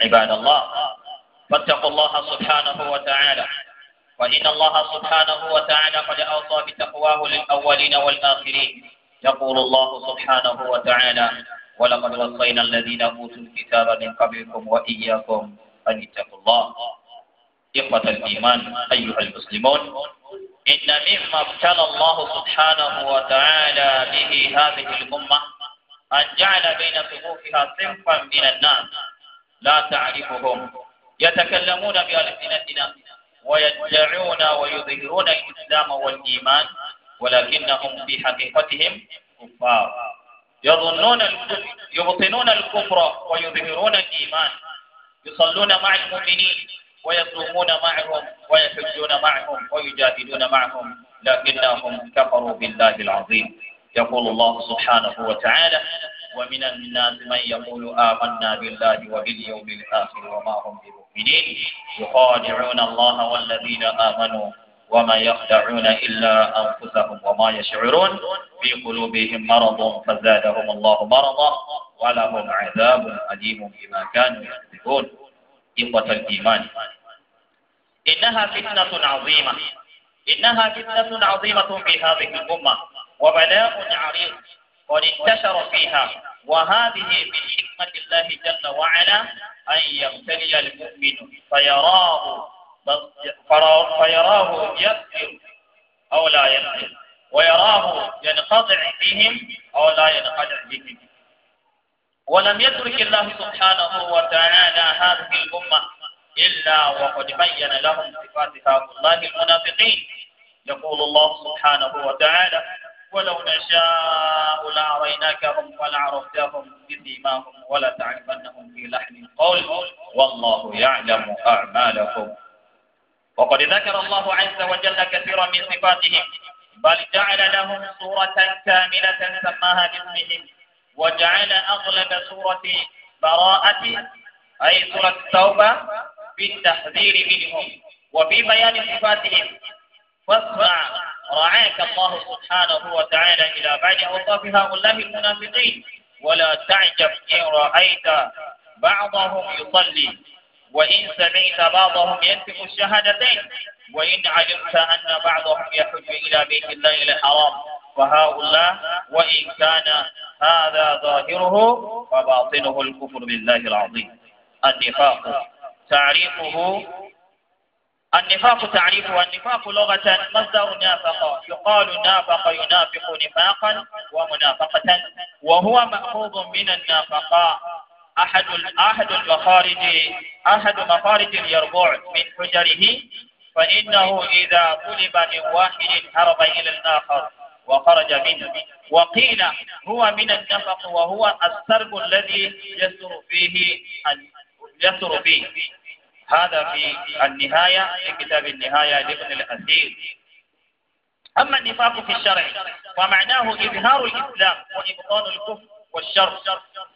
عباد الله فاتقوا الله سبحانه وتعالى وإن الله سبحانه وتعالى قد أوصى بتقواه للأولين والآخرين يقول الله سبحانه وتعالى ولقد وصينا الذين أوتوا الكتاب من قبلكم وإياكم أن اتقوا الله إخوة الإيمان أيها المسلمون إن مما ابتلى الله سبحانه وتعالى به هذه الأمة أن جعل بين صفوفها صنفا من الناس لا تعرفهم يتكلمون بألسنتنا ويدعون ويظهرون الإسلام والإيمان ولكنهم في حقيقتهم كفار يظنون يبطنون الكفر ويظهرون الإيمان يصلون مع المؤمنين ويصومون معهم ويحجون معهم ويجاهدون معهم لكنهم كفروا بالله العظيم يقول الله سبحانه وتعالى ومن الناس من يقول آمنا بالله وباليوم الآخر وما هم بمؤمنين يخادعون الله والذين آمنوا وما يخدعون إلا أنفسهم وما يشعرون في قلوبهم مرض فزادهم الله مرضا ولهم عذاب أليم بما كانوا يكذبون إخوة الإيمان إنها فتنة عظيمة إنها فتنة عظيمة في هذه الأمة وبلاء عريض قد انتشر فيها وهذه من حكمة الله جل وعلا أن يبتلي المؤمن فيراه فيراه يكفر أو لا يكفر ويراه ينقطع بهم أو لا ينقطع بهم ولم يترك الله سبحانه وتعالى هذه الأمة إلا وقد بين لهم صفات هؤلاء المنافقين يقول الله سبحانه وتعالى ولو نشاء لأريناكهم ولعرفتهم بسيماهم ولتعرفنهم في لحن القول والله يعلم أعمالكم وقد ذكر الله عز وجل كثيرا من صفاتهم بل جعل لهم سورة كاملة سماها باسمهم وجعل أغلب سورة براءة أي سورة التوبة بالتحذير منهم وفي بيان صفاتهم فاسمع رعاك الله سبحانه وتعالى إلى بعد أوصاف هؤلاء المنافقين ولا تعجب إن رأيت بعضهم يصلي وإن سمعت بعضهم ينفق الشهادتين وإن علمت أن بعضهم يحج إلى بيت الله الحرام فهؤلاء وإن كان هذا ظاهره فباطنه الكفر بالله العظيم النفاق تعريفه النفاق تعريفه النفاق لغة مصدر نافق يقال نافق ينافق نفاقا ومنافقة وهو مأخوذ من النافقة أحد أحد المخارج أحد مخارج اليربوع من حجره فإنه إذا طلب من واحد هرب إلى الآخر وخرج منه وقيل هو من النفق وهو السرب الذي يسر فيه يسر فيه هذا في النهاية في كتاب النهاية لابن الأثير أما النفاق في الشرع ومعناه إظهار الإسلام وإبطال الكفر والشر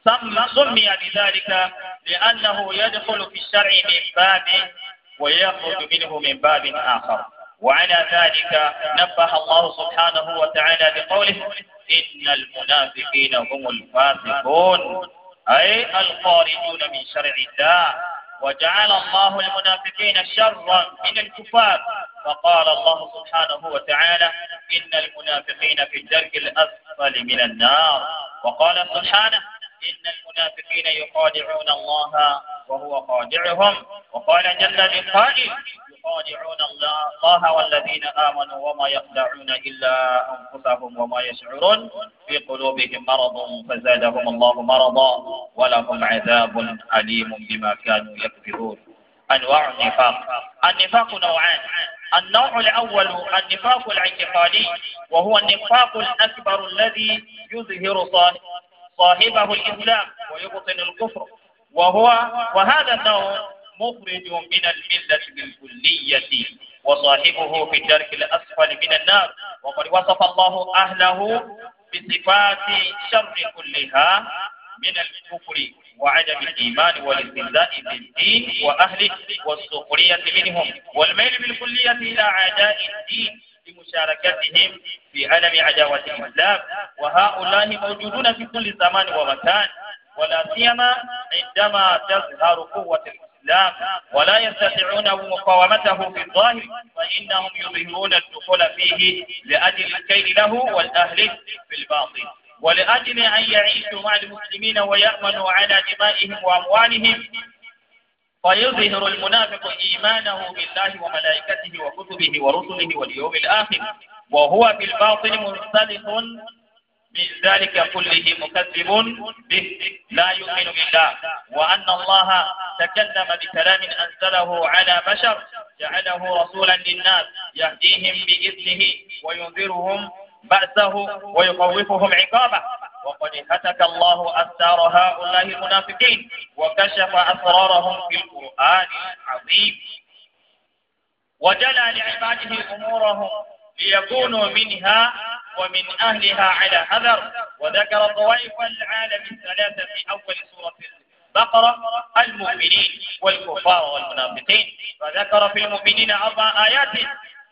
ثم سمي بذلك لأنه يدخل في الشرع من باب ويخرج منه من باب آخر وعلى ذلك نبه الله سبحانه وتعالى بقوله إن المنافقين هم الفاسقون أي الخارجون من شرع الله وجعل الله المنافقين شرا من الكفار فقال الله سبحانه وتعالى إن المنافقين في الدرك الأسفل من النار وقال سبحانه إن المنافقين يخادعون الله وهو خادعهم وقال جل من قائل يخادعون الله والذين آمنوا وما يخدعون إلا أنفسهم وما يشعرون في قلوبهم مرض فزادهم الله مرضا ولهم عذاب أليم بما كانوا يكذبون أنواع النفاق النفاق نوعان النوع الأول النفاق الاعتقادي وهو النفاق الأكبر الذي يظهر صاحبه الإسلام ويبطن الكفر وهو وهذا النوع مخرج من الملة بالكلية وصاحبه في الدرك الأسفل من النار وقد وصف الله أهله بصفات شر كلها من الكفر وعدم الإيمان والاستهزاء بالدين وأهله والسخرية منهم والميل بالكلية إلى أعداء الدين لمشاركتهم في ألم عداوة الإسلام وهؤلاء موجودون في كل زمان ومكان ولا سيما عندما تظهر قوة الإسلام لا ولا يستطيعون مقاومته في الظاهر فإنهم يظهرون الدخول فيه لأجل الكيل له والأهل في الباطن ولأجل أن يعيشوا مع المسلمين ويأمنوا على دمائهم وأموالهم فيظهر المنافق إيمانه بالله وملائكته وكتبه ورسله واليوم الآخر وهو بالباطن منسلخ ذلك كله مكذب به لا يؤمن بالله وأن الله تكلم بكلام أنزله على بشر جعله رسولا للناس يهديهم بإذنه وينذرهم بأسه ويخوفهم عقابه وقد هتك الله أسرار هؤلاء المنافقين وكشف أسرارهم في القرآن العظيم وجلى لعباده أمورهم ليكونوا منها ومن أهلها على حذر وذكر طوائف العالم الثلاثة في أول سورة بقرة المؤمنين والكفار والمنافقين وذكر في المؤمنين أربع آيات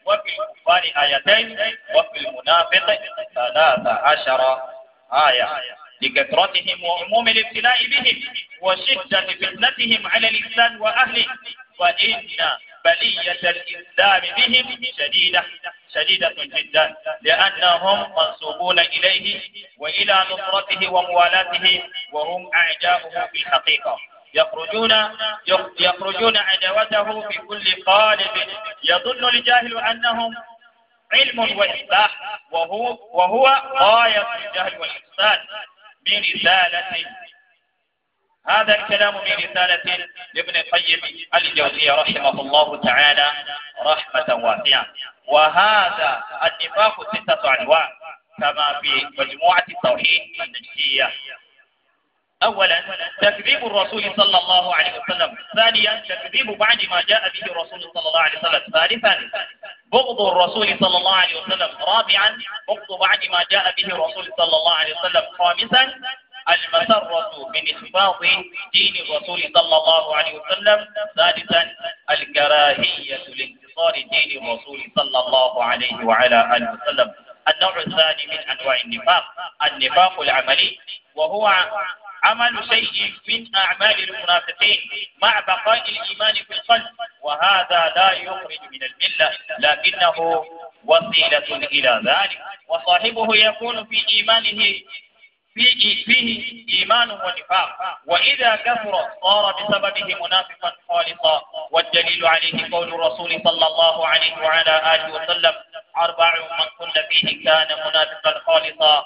وفي الكفار آيتين وفي المنافق ثلاث عشر آية لكثرتهم وعموم الابتلاء بهم وشدة فتنتهم على الإنسان وأهله وإن بلية الإسلام بهم شديدة شديدة جدا لأنهم منسوبون إليه وإلى نصرته وموالاته وهم أعداؤه في الحقيقة يخرجون يخرجون عداوته بكل قالب يظن الجاهل أنهم علم وإصلاح وهو وهو غاية الجهل والإحسان برسالة هذا الكلام من رسالة لابن قيم الجوزية رحمه الله تعالى رحمة واسعة وهذا النفاق ستة أنواع كما في مجموعة التوحيد النجسية أولا تكذيب الرسول صلى الله عليه وسلم ثانيا تكذيب بعد ما جاء به الرسول صلى الله عليه وسلم ثالثا بغض الرسول صلى الله عليه وسلم رابعا بغض بعد ما جاء به الرسول صلى الله عليه وسلم خامسا المسرة من إخفاض دين الرسول صلى الله عليه وسلم ثالثا الكراهية لانتصار دين الرسول صلى الله عليه وعلى آله وسلم النوع الثاني من أنواع النفاق النفاق العملي وهو عمل شيء من أعمال المنافقين مع بقاء الإيمان في القلب وهذا لا يخرج من الملة لكنه وسيلة إلى ذلك وصاحبه يكون في إيمانه فيه فيه إيمان ونفاق وإذا كفر صار بسببه منافقا خالصا والدليل عليه قول الرسول صلى الله عليه وعلى آله وسلم أربع من كن فيه كان منافقا خالصا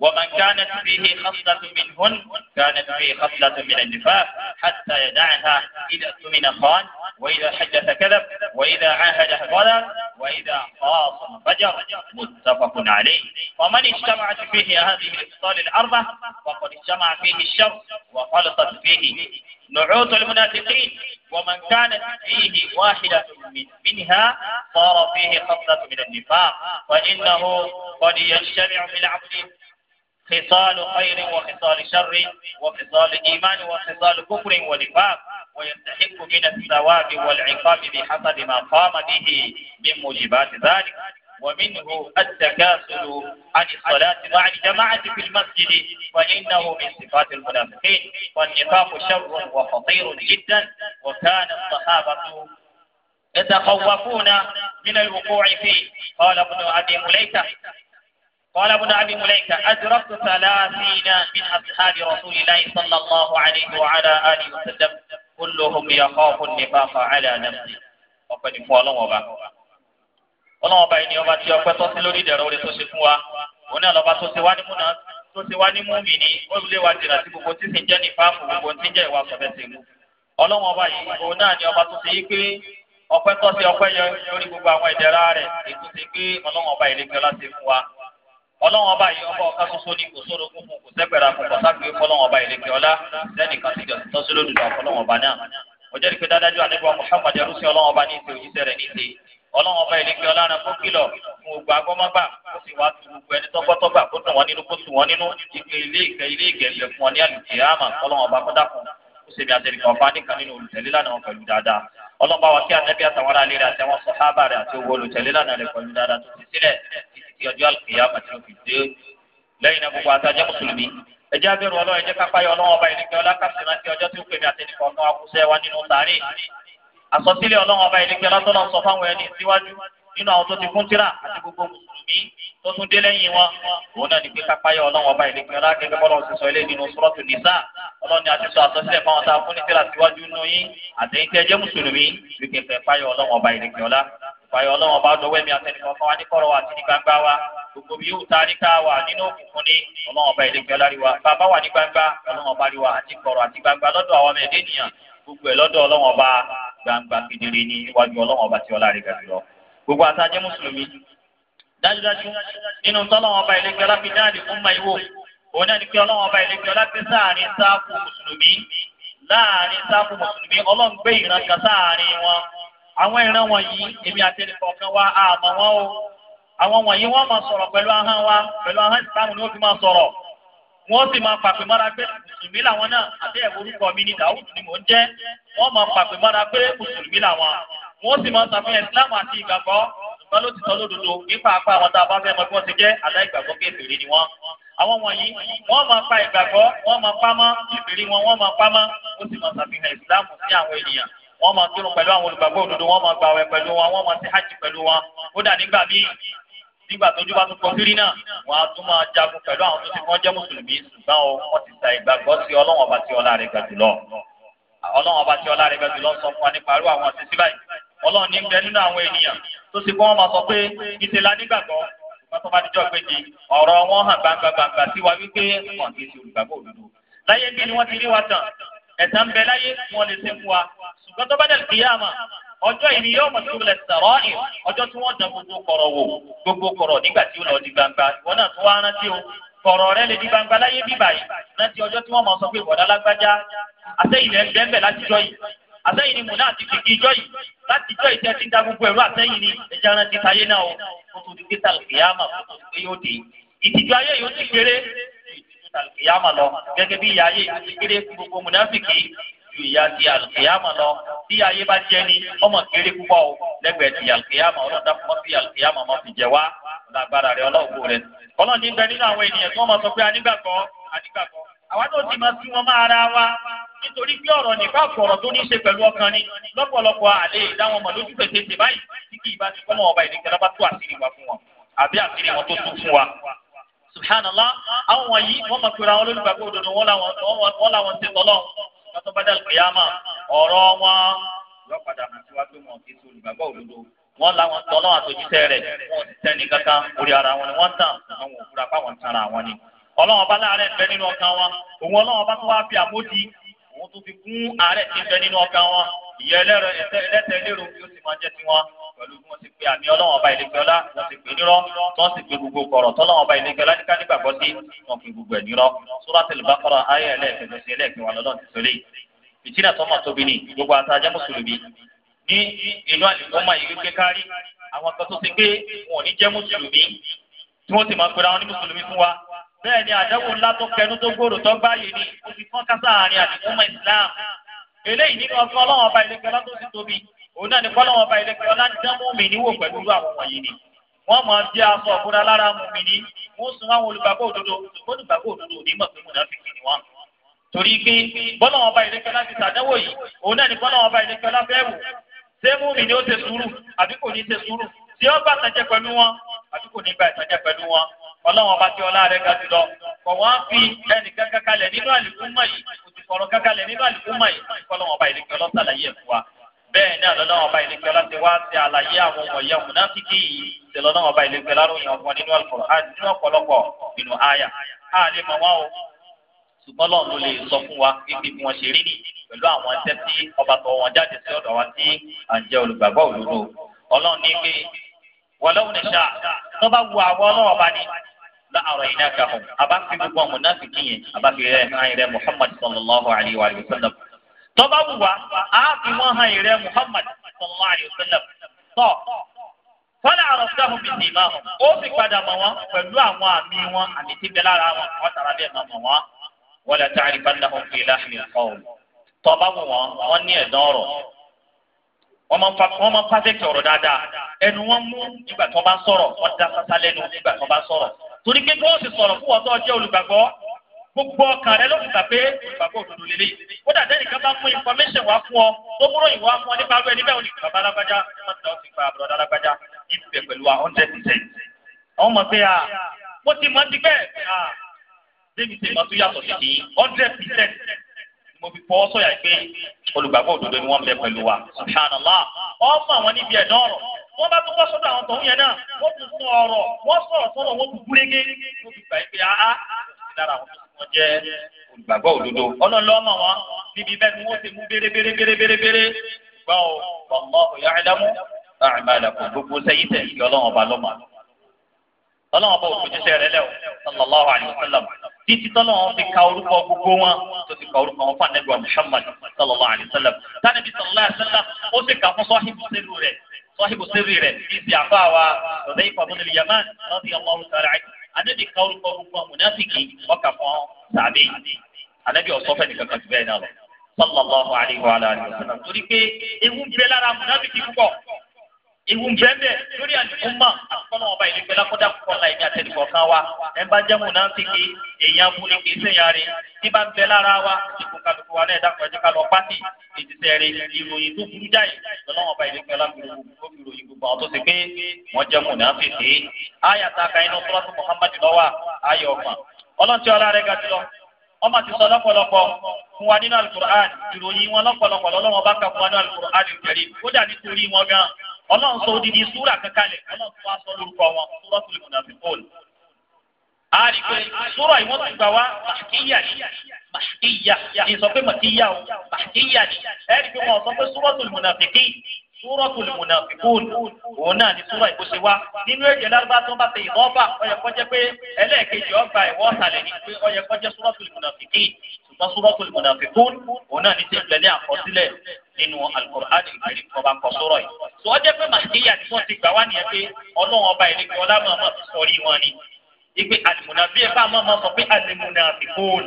ومن كانت فيه خصلة منهن كانت فيه خصلة من النفاق حتى يدعها إذا اؤتمن خان وإذا حدث كذب وإذا عاهد ظلم وإذا خاصم فجر متفق عليه ومن اجتمعت فيه هذه الخصال الأربعة فقد اجتمع فيه الشر وخلطت فيه نعوت المنافقين ومن كانت فيه واحدة من منها صار فيه خصلة من النفاق فإنه قد يجتمع بالعبد خصال خير وخصال شر وخصال إيمان وخصال كفر ونفاق ويستحق من الثواب والعقاب بحسب ما قام به من موجبات ذلك ومنه التكاسل عن الصلاة مع الجماعة في المسجد فإنه من صفات المنافقين والنفاق شر وخطير جدا وكان الصحابة يتخوفون من الوقوع فيه قال ابن أبي مليكة قال ابن أبي مليكة أدركت ثلاثين من أصحاب رسول الله صلى الله عليه وعلى آله وسلم كلهم يخاف النفاق على نفسه ọpẹ́ ní fún Ọlọ́run ọba Ọlọ́run ọba yìí ni ọba tí ọpẹ́ tọ́ sí lórí ìdẹ̀rọ orí tó ṣe fún wa òun náà lọba tó ṣe wá ní múna tó ṣe wá ní múmi ní ó wa jìnnà sí gbogbo títí jẹ ní fáàmù gbogbo tí jẹ ìwà sọfẹsẹ mu Ọlọ́run ọba yìí òun náà ni ọba tó ṣe yí pé ọpẹ́ tọ́ sí ọpẹ́ lórí gbogbo àwọn ìdẹ̀ra rẹ̀ ètò ṣe pé Ọlọ́run ọba yìí lè fún wa ọlọ́wọ́n ọba yìí ọba ọ̀ká soso ni kò sóró fún fún kò sẹ́pẹ̀rẹ̀ fún kọ́sápé fọlọ́wọ́n ọba ìlẹ́kẹ̀ ọlá lẹ́nìkan ti tọ́sí lódùdà fọlọ́wọ́n ọba náà ọjọ́ ìpè dáadájú àdébọ̀ Muhammad arúsí ọlọ́wọ́n ọba ní ìṣe òjíṣẹ́ rẹ̀ ní ìṣe ọlọ́wọ́n ọba ìlẹ́kẹ̀ ọlá náà kó kìlọ̀ fún gbogbo agbọ́mọ́gbà ó sì wá tu gbogbo ẹni tọ́gbọ́tọ́gbà kó dùn wọ́n nínú kó sùn wọ́n nínú ìgbé ilé ìgbẹ́ ilé ìgbẹ́ fún ọ ní àlùkìyàmà ọlọ́wọ́n ọba kọ́dà fún ó ṣe bí àtẹnìkan ọba nìkan nínú olùtẹ̀lé lánàá pẹ̀lú dáadáa ọlọ́ba wa kí anabi àtàwọn ará léèrè àtàwọn sọ̀hábà rẹ̀ àti owó olùtẹ̀lé lánàá rẹ̀ pẹ̀lú dáadáa tó ti sílẹ̀ títí tí ọjọ́ àlùkìyà àti òfin dé lẹ́yìn náà gbogbo àtàjẹ́ mùsùlùmí ẹjẹ́ abẹ́rù ọlọ́run ẹjẹ́ kápáyọ̀ ọlọ́run ọba ìlẹ́kẹ́ ọlákàtì rántí ọjọ́ tí ó pèmí àtẹnìkọ̀ ọ̀nà akúṣẹ́ wa nínú sàárè àsọsílẹ̀ ọlọ́run ọba ìlẹ́kẹ́ ọlátọ́lọ́ sọ fáwọn ẹni síwájú nínú àwọn tó ti fún tíra àti gbogbo mùsùlùmí tó tún dé lẹ́yìn wọn òun náà ní pé kápáyà ọlọ́run ọba ìlẹ́gbẹ́ ọlá gẹ́gẹ́ bọ́lá òsì sọ ilé nínú sọ́rọ́tù nìsá ọlọ́run ni a ti sọ àsọsílẹ̀ fáwọn tá a fún ní tẹ́lá síwájú nù yín àtẹ̀yìn tẹ́ jẹ́ mùsùlùmí wípé fẹ́ páyà ọlọ́run ọba ìlẹ́gbẹ́ ọlá páyà ọlọ́run ọba dọwọ́ ẹ̀mí àtẹnìkan kan wá ní kọ̀rọ̀ àti ní gbangba wa gbogbo bí yóò taari ká wà nínú òkùnkùn ní ọlọ́run ọba ìlẹ́gbẹ́ ọlá rí wa bàbá wà ní gbangba ọlọ́run ọba rí wa àti kọ̀rọ̀ àti gbangba gbogbo dájúdájú nínú tọ́lọ́wọ́n ọba ìlẹ́gbẹ́ ọlápídá àdìgúnmá ìwò òun náà ní pé ọlọ́wọ́n ọba ìlẹ́gbẹ́ ọlápídá sáàrin sáàfù mùsùlùmí láàrin sáàfù mùsùlùmí ọlọ́run gbé ìran kan sáàrin wọn àwọn ìran wọ̀nyí èmi àti ẹnìkọ̀ọ̀kan wá àmọ́ wọn o àwọn wọ̀nyí wọ́n máa sọ̀rọ̀ pẹ̀lú ahọ́n wa pẹ̀lú ahọ́n ìsìlámù ni fi máa sọ̀rọ̀ wọ́n sì máa pàpè mọ́ra pé ni dàúdù ni mò ń jẹ́ wọ́n máa pàpè wọn ló ti sọ lódodo ipa apá àwọn tá a bá fẹ́ mọ bí wọ́n ti jẹ́ aláìgbàgbọ́ kéferì ni wọ́n. àwọn wọ̀nyí wọ́n máa pa ìgbàgbọ́ wọ́n máa pa mọ́ kéferì wọn wọ́n máa pa mọ́ ó sì máa ṣàfihàn ìsìláàmù sí àwọn ènìyàn wọ́n máa kírun pẹ̀lú àwọn olùgbàgbọ́ òdodo wọ́n máa gbàwẹ̀ pẹ̀lú wọn wọ́n máa ti hajj pẹ̀lú wọn kódà nígbà míì nígbà tójú bá tún kọ sírí náà wọn á tún máa jagun pẹ̀lú àwọn tó ti wọn jẹ́ mùsùlùmí ṣùgbọ́n wọn ti ọlọ́run ní bẹ nínú àwọn ènìyàn tó sì kọ́ wọn máa sọ pé ìṣe la nígbàgbọ́ ṣùgbọ́n tó bá dijọ́ gbèjì ọ̀rọ̀ wọn hàn gbangba gbangba sí wa wípé wọn kì í ṣe olùgbàgbọ́ òdodo láyé bí ni wọ́n ti rí wa tàn ẹ̀san ń bẹ láyé wọn lè ṣe fún wa ṣùgbọ́n tó bá dẹ̀ kíyàmá ọjọ́ ìní yóò mọ̀ sí ilẹ̀ sọ̀rọ̀ ẹ̀ ọjọ́ tí wọ́n dán gbogbo kọ̀rọ̀ wò gbogbo kọ̀rọ̀ nígbà tí ó lọ di gbangba ìwọ náà tún wá rántí o kọ̀rọ̀ rẹ lè di gbangba láyé bíbáyìí rántí ọjọ́ tí wọ́n mọ̀ sọ pé bọ̀dá lágbájá àtẹ̀yìn rẹ̀ ń yìí àtẹ̀yìn ni mùnà àti kìkì ìjọ yìí láti ìjọ ìjọ ti ń da gbogbo ẹ̀rọ àtẹ̀yìn ni ẹja rántí táyé náà o kó tó di pé tàlùkìyàmà kó tó di pé yóò dé ìtìjú ayé yóò ti kéré ju tàlùkìyàmà lọ gẹ́gẹ́ bí ìyà ayé yóò ti kéré fún gbogbo mùnàfìkì ju ìyà ti àlùkìyàmà lọ bí ayé bá jẹ́ ni ọmọ kéré púpọ̀ o lẹ́gbẹ̀ẹ́ ti àlùkìyàmà ọlọ́dà fún mọ́fì àlùkìyàmà mọ́fì àwa náà sì máa tún wọn máa ara wa nítorí pé ọ̀rọ̀ nípa ọ̀rọ̀ tó ní í ṣe pẹ̀lú ọkàn ni lọ́pọ̀lọpọ̀ àlè ìdáwọn ọmọ lójú pèsè ṣe báyìí tí kì í bá ti kọ́nà ọba ìdíkẹ́ lọ́ba tó àṣírí wa fún wọn àbí àṣírí wọn tó tún fún wa. subhanallah àwọn wọ̀nyí wọ́n máa pera wọn lólùgbàgbọ́ òdodo wọn làwọn ti tọ́lọ́ lọ́tọ́ kìyàmà ọ̀rọ̀ wọn lọ́padà làwọn tọ́lọ́ àtòjíṣẹ́ rẹ̀ wọn ò tẹ́ni kankan orí ara wọn ni wọ́n tàn àwọn òfurufú apá tanra wọn ni ọlọ́run ọba láàárẹ̀ ń bẹ nínú ọkàn wọn òun ọlọ́run ọba tó wá fi àmójì òun tó fi kún àárẹ̀ tí ń bẹ nínú ọkàn wọn ìyẹ́ ẹlẹ́rọ ẹ̀tẹ́ ẹlẹ́tẹ̀ lérò bí ó sì máa jẹ́ tiwọn pẹ̀lú bí wọ́n ti pe àmì ọlọ́run ọba ìlẹ́gbẹ̀ọ́lá wọ́n ti pe nírọ́ tí wọ́n sì pe gbogbo kọ̀rọ̀ tọ́lọ́run ọba ìlẹ́gbẹ̀ọ́lá ní kánígbà gbọ́ sí wọn fi gbogbo ẹ̀ nírọ́ Suratul Baqara ayé ẹlẹ́ẹ̀kẹ́jọ sí ẹlẹ́ẹ̀kẹwà lọ́dọ̀ ti sọlé ìtìlẹ̀ tọ́mọ̀ tóbi ni gbogbo àtàjẹ́ mùsùlùmí ní inú àlùkọ́mọ yìí gbé kárí àwọn kan tó ti gbé wọn ò ní jẹ́ mùsùlùmí tí wọ́n sì máa pera wọn ní mùsùlùmí fún wa bẹ́ẹ̀ ni àdánwò ńlá tó kẹnu tó gbòòrò tó gbáyé ni ó fi fọ́n kásá àárín àdìmúmọ̀ Islam eléyìí nínú ọgbọ́n ọlọ́wọ́n ọba ìlẹ́kẹ́ ọlá tó ti tóbi òun náà ní kọ́lọ́wọ́n ọba ìlẹ́kẹ́ ọlá ń dán mùmí níwò pẹ̀lú irú àwọn wọ̀nyí ni wọ́n máa bí aṣọ ọ̀bùnra lára mùmí ni wọ́n sun àwọn olùgbàgbọ́ òdodo ṣùgbọ́n olùgbàgbọ́ òdodo ò ní mọ̀ pé mùnàfíkì ni wọ́n torí pé bọ́lọ́wọ́n ọba ìlẹ́kẹ́ ọlá ti tàdánwò yìí òun náà ní kọ́lọ́wọ́n ọba ìlẹ́kẹ́ ọlá fẹ́ wò ṣé mùmí ni ó ṣe sùúrù àbí kò ní ṣe sùúrù tí ó ọlọ́run ọba tí ọlá rẹ̀ ga jùlọ kọ̀ wọ́n fi ẹnì kankan kalẹ̀ nínú àlùkùnmọ̀ yìí òtùkọ̀rọ̀ kankalẹ̀ nínú àlùkùnmọ̀ yìí kọ́lọ́run ọba ìlẹ̀kẹ́ ọlọ́sàlàyé ẹ̀ fún wa bẹ́ẹ̀ ní ọlọ́run ọba ìlẹ̀kẹ́ ọlá ti wá ṣe àlàyé àwọn wọ̀nyẹ mùnáfíkì yìí ṣe lọ́lọ́run ọba ìlẹ̀kẹ́ láròyìn ọgbọ́n nínú ọ̀pọ̀lọpọ̀ nínú àyà á lè mọ̀ wá o ṣùgbọ́n lọ́run ló lè sọ fún wa pípé bí wọ́n ṣe rí nìyí pẹ̀lú àwọn ẹsẹ̀ tí ọba tó wọn jáde sí ọ̀dọ̀ wa tí à ń jẹ́ olùgbàgbọ́ òdodo ọlọ́run ní pé wọ́n lọ́wọ́ ní ṣáà tó la ara'inakahum àbá fi gbogbo àwọn mùnáfíkì yẹn àbá fi rẹ̀ hàn rẹ̀ Muhammad sallallahu alayhi wa sallam tọ́ba wù wá á fi wọ́n hàn rẹ̀ Muhammad sallallahu alayhi wa sallam tọ́ fọlá àròsílẹ̀hùn bíi tèmá ó sì padà mọ̀ wọ́n pẹ̀lú àwọn àmì wọn àmì tí bẹ́ẹ̀ lára wọn wọ́n tara bẹ́ẹ̀ máa mọ̀ wọ́n wọ́n lè ta àrífà náà fi láàmì ọ̀hún. tọ́ba wù wọ́n wọ́n ní ẹ̀dán ọ̀rọ̀ wọ́n máa ń pàṣẹ kí ọ̀rọ̀ dáadáa ẹnu wọn mú nígbà tó bá sọ̀rọ̀ wọ́n dá sásá lẹ́nu nígbà tó bá sọ̀rọ̀ torí pé bó ṣe sọ̀rọ̀ fún ọ̀tọ́ jẹ́ olùgbàgbọ́ gbogbo ọkàn rẹ ló fi gbà pé olùgbàgbọ́ òdodo lélẹ̀ kódà tẹ́nì kan bá mú information wá fún ọ tó múrò ìwà fún ọ nípa abẹ́ níbẹ̀ òní bàbá alágbájá wọn ti ti gba àbúrò alágbájá ìbẹ̀ pẹ̀lú wa hundred percent àwọn ọmọ pé mo ti mọ ti bẹ́ẹ̀ débi tí mo tún yàtọ̀ sí ní hundred percent mo fi fọwọ́ sọ̀yà pé olùgbàgbọ́ òdodo ni wọ́n bẹ pẹ̀lú wa subhanallah ọmọ àwọn níbi ẹ̀ náà rọ̀ wọ́n bá tún wá sọ́dọ̀ àwọn tọ̀hún yẹn náà wọ́n tún fún ọ̀rọ̀ wọ́n sọ̀rọ̀ sọ̀rọ̀ wọ́n tún gúrégé wọ́n fi gbà pé áá lára àwọn tó wọ́n jẹ́ olùgbàgbọ́ òdodo ọlọ́run ló mọ̀ wọ́n níbi bẹ́ẹ̀ ni wọ́n ti mú bérebére bérebére gbọ́n o bọ̀mọ́ òyà ẹ̀dámú àmàlà kò gbogbo sẹ́yìn tẹ̀ kí ọlọ́run ọba lọ́mọ ọlọ́run ọba òṣìṣẹ́ rẹ lẹ́wọ̀ sallallahu alayhi wa sallam títí tọ́lọ́wọ́n fi ka orúkọ gbogbo wọn tó ti ka orúkọ wọn fún anagba Muhammad sallallahu alayhi wa sallam tánàbí sallallahu alayhi wa sallam ó sì kà fún sọ́hìn sẹ́lù rẹ̀ sọ́hìbù sírì rẹ̀ bíbi àfa wa ọ̀dẹ́ ìfọ̀mùnú yaman lọ́dí ọmọ ọ̀rùsára ànábì káwọn gbogbo mùnáfìkì ọkà fún sàbẹ̀ ànábì ọ̀sọ́fẹ́ nìkan kan jù bẹ́ẹ̀ náà lọ sallallahu alayhi wa alihi wa sallam torí pé ewu ń bẹ lára mùnáfìkì púpọ̀ ìwù bẹ́ẹ̀ lórí àdìgúnmá àkọ́nà ọba ìdígbẹ́ lákọ́dá púpọ̀ ńlá ìní àtẹnukọ̀ kan wa ẹ̀ ń bá jẹ́ mùnà ń tìkì èèyàn fún ni kì í sèyàn rẹ̀ tí bá ń bẹ lára wa ìkó kálukú wa náà dákọ̀ ẹ̀jẹ̀ ká lọ pátì ìdísẹ́ rẹ̀ ìròyìn tó burú jáì lọ́nà ọba ìdígbẹ́ lákọ́dá gbogbo àwọn tó ti pé wọ́n jẹ́ mùnà ń tìkì ayàtà kàínú sọ́lọ́sì Muhammad lọ́wọ́ ayọ̀ ọ̀gbọ̀n ọlọ́ntì ọlá fún wa nínú alukur'an ìròyìn wọn lọ́pọ̀lọpọ̀ lọ́lọ́wọ́n bá kà fún wa nínú alukur'an ìkẹrì kódà nítorí wọn gan ọlọ́run sọ odidi súrà kankanlẹ̀ ọlọ́run tó wá sọ lórúkọ wọn Suratul Munafiqun. a rí pé súrà yìí wọ́n ti gbà wá màkíyà ni màkíyà ni sọ pé màkíyà o màkíyà ni ẹ rí pé wọ́n sọ pé Suratul Munafiqin Suratul Munafiqun òun náà ni súrà ìbò ṣe wá nínú èdè lárúbá tó bá ṣe ìbọn ọba ó yẹ pé ẹlẹ́ẹ̀kejì ọgbà ìwọ́ sọ́súrọ́tò mùnàfíkún òun náà ní ti ìpínlẹ̀ ní àkọsílẹ̀ nínú alukur'an ìgbèrè ọba kọsọ́rọ̀ yìí. sọ jẹ́ pé màṣíyà tí wọ́n ti gbà wá nìyẹn pé ọlọ́run ọba ìlú ọlá máa ma sọrí wọn ni. ìpè àlùmùnàfí ẹ̀fà máa ma sọ pé àlùmùnàfíkún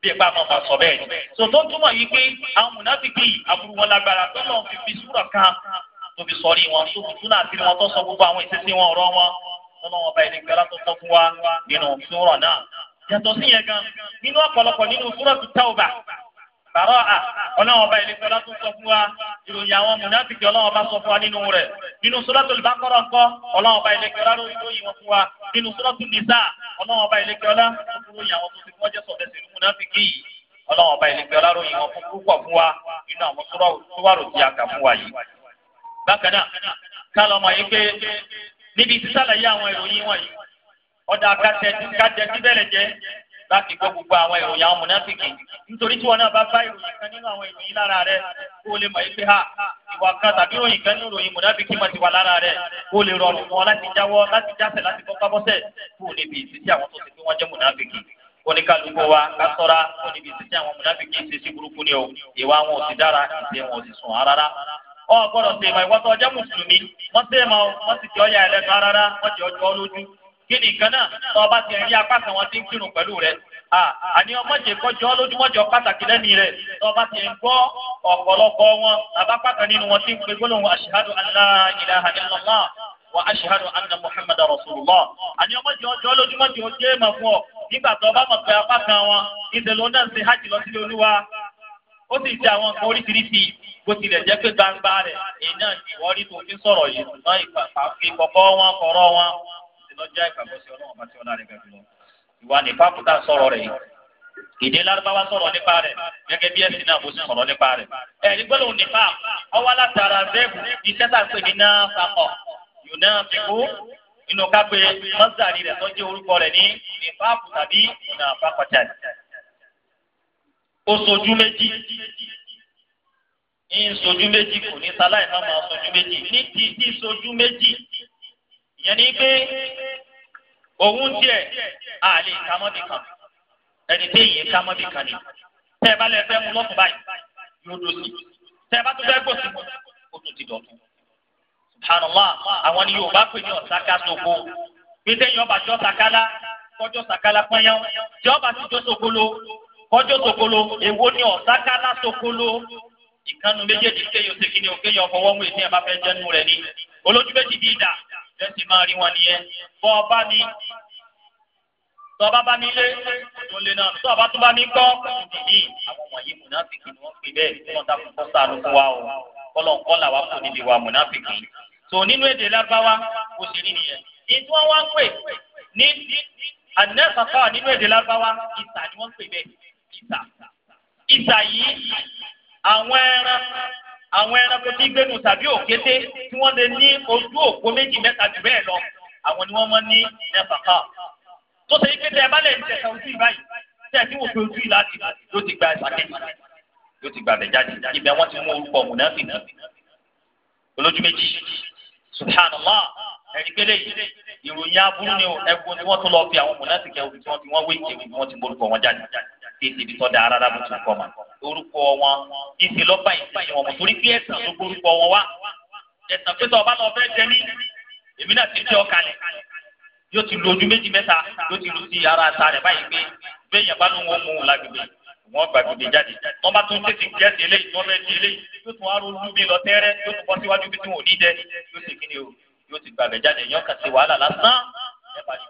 bí ẹ̀fà máa ma sọ bẹ́ẹ̀ ni. sọ tó túmọ̀ yìí pé àwọn mùnàfíkì aburú wọn lágbára tọ́lọ́run fi fi súrọ̀ kan tóbi sọrí wọn tó fi túnà sọ tó sọ fún wa nínú súrọ̀ náà yàtọ̀ sí yẹn gan nínú ọ̀pọ̀lọpọ̀ nínú súrọ̀tù táwùbà bàrọ̀ à ọlọ́run ọba ìlẹ́kọ̀ ọlá tó sọ fún wa ìròyìn àwọn mùnátìkì ọlọ́run ọba sọ fún wa nínú rẹ̀ nínú súrọ̀tù ìbákọ́rọ̀ ńkọ́ ọlọ́run ọba ìlẹ́kọ̀ ọlá ròyìn wọn fún wa nínú súrọ̀tù nìsà ọlọ́run ọba ìlẹ́kọ̀ ọlá tó ròyìn àwọn tó ti fún ọjọ́ sọ̀tẹ̀ mùnátìkì yìí ọlọ́run ọba ìlẹ́kọ̀ ọlá ròyìn wọn fún púpọ̀ fún wa nínú àwọn súwárò tí a kà fún wa yìí. bákan náà ká ọ̀dà ka kàtẹ́jú bẹ́ẹ̀ lè jẹ́ láti gbọ́ gbogbo àwọn ìròyìn àwọn mọ̀nàfíkì nítorí tí wọn náà bá bá ìròyìn kan nínú àwọn ìròyìn lára rẹ kó lè mọ̀ pé ha ìwà kan tàbí ìròyìn kan nínú ìròyìn mọ̀nàfíkì mọ̀ ti wà lára rẹ kó lè rọrùn wọn láti láti láti kó lè bí àwọn tó ti fi wa kó lè bí àwọn ṣe sí o ìwà wọn ò dára ìṣe wọn ò sùn ọ gbọdọ kí ni nǹkan náà tó ọba ti rí apá kan wọn ti ń kírun pẹ̀lú rẹ̀ àní ọmọdé kọjọ lójúmọjọ pàtàkì lẹ́ni rẹ̀ tó ọba ti ń gbọ́ ọ̀pọ̀lọpọ̀ wọn àbá nínú wọn ti ń pe gbólóhùn ashhadu an la ilaha illallah wa ashhadu anna rasulullah àní ọmọdé ọjọ́ lójúmọjọ jẹ́ èèmọ̀ fún ọ nígbà tó ọba mọ̀ pé apá kan wọn ìṣèlú náà ń ṣe hajj lọ sílé olúwa ó sì ṣe àwọn nǹkan oríṣiríṣi bó tilẹ̀ jẹ́ pé gbangba rẹ̀ èyí ìwọ́rí tó fi sọ̀rọ̀ yìí ṣùgbọ́n ìpàkọ́ wọn kọ̀rọ̀ wọn lọ́jà ìgbàgbọ́ sí ọlọ́run bá tí ọlá rẹ̀ ga jùlọ. ìwà nìfàkù tá a sọ̀rọ̀ rẹ̀ yìí èdè lárúbáwá sọ̀rọ̀ nípa rẹ̀ gẹ́gẹ́ bí ẹ̀sìn náà mo sì sọ̀rọ̀ nípa rẹ̀. ẹ̀rí gbọ́dọ̀ nípa ọwọ́ látara rẹ́ẹ̀bù iṣẹ́ tá a pè ní náà papọ̀ yòóná fìkú nínú kápẹ́ mọ́sàárì rẹ̀ tọ́jú orúkọ rẹ̀ ní nífàkù tàbí náà pápọ̀tà. ó sojú méjì ń sojú méjì kò ní sáláì má máa sojú méjì ní ti ní sojú méjì ìyẹn ni pé òun díẹ̀ àlè ìkámọ́bì kan ẹni tí èyí ìkámọ́bì kan ni tẹ́ ẹ bá lẹ fẹ́ mú lọ́kùn báyìí yóò dó sí tẹ́ ẹ bá tó fẹ́ gbòsì mọ́ ó tún ti dọ̀tún. subhanallah àwọn ni Yorùbá pè ní ọ̀sáká sóko pété yọba jọ sakala kọjọ sakala pẹ́yàn jọba ti jọ sokolo kọjọ sokolo èwo ni ọ̀sákálá sokolo ìkànnì méjèèjì kéèyàn ṣe kí ni òkéèyàn fọwọ́ mú ètí ẹ̀ bá fẹ́ jẹ́nu rẹ̀ ni olójú méjì bí ìdá tẹ́sí máa rí wọn nìyẹn bọ́ ọ bá ní tọ́ba bá nílé òun lè náà tọ́ba tó bá ní gbọ́ nìyí àwọn wọ̀nyí mùnáfìkì ni wọ́n pè bẹ́ẹ̀ tí wọ́n dákun kó sànù fún wa o kọ́lọ̀ǹkọ́ là wá kò níbi wa mùnáfìkì tó nínú èdè lágbáwá kò sì rí nìyẹn èyí tí wọ́n wá ń pè ní ànẹ́sàkọ́ nínú èdè lágbáwá ìsà ni wọ́n pè bẹ́ẹ̀ ìsà ìsà yìí àwọn ẹran àwọn ẹranko tí gbẹnu tàbí òkété tí wọ́n lè ní ojú òpó méjì mẹ́ta jù bẹ́ẹ̀ lọ àwọn ni wọ́n mọ̀ ní nẹ́fàkà tó ṣe ike tẹ ẹ bá lẹ̀ ń tẹ̀sán ojú ìbáyìí tẹ̀ tí wò pé ojú ìlà ti ló ti gba ìpàdé ló ti gba àbẹ̀jáde ibẹ̀ wọ́n ti mú orúkọ mùnáfì náà olójú méjì subhanallah ẹni pé léyìí ìròyìn aburú ni ẹ̀gbọ́n ni wọ́n tún lọ fi àwọn mùnáfì kẹ títí ibi tọ́da rárá bó tún kọ́ ma orúkọ wọn ìsì lọ́ba ìsìn wọn mọ̀ torí pé ẹ̀sán ló gbórúkọ wọn wá ẹ̀sán pé tọ́ ọba lọ fẹ́ jẹ mí èmi náà ti jẹ́ ọkàlẹ̀ yóò ti lo ojú méjì mẹ́ta yóò ti lu sí ara ta rẹ̀ báyìí pé bẹ́ẹ̀ yẹn bá ló ń wọ́n mú un lágbègbè wọ́n gbàgbègbè jáde wọ́n bá tún tètè gẹ́sì eléyìí wọ́n fẹ́ yóò tún arú ojú mi lọ tẹ́rẹ́ yóò tún bọ́ síwájú bí tí ò ní jẹ yóò ti kí o yóò ti gbàgbẹ́ jáde yọ̀ọ́ kà sí wàhálà lásán ẹ̀ bá ti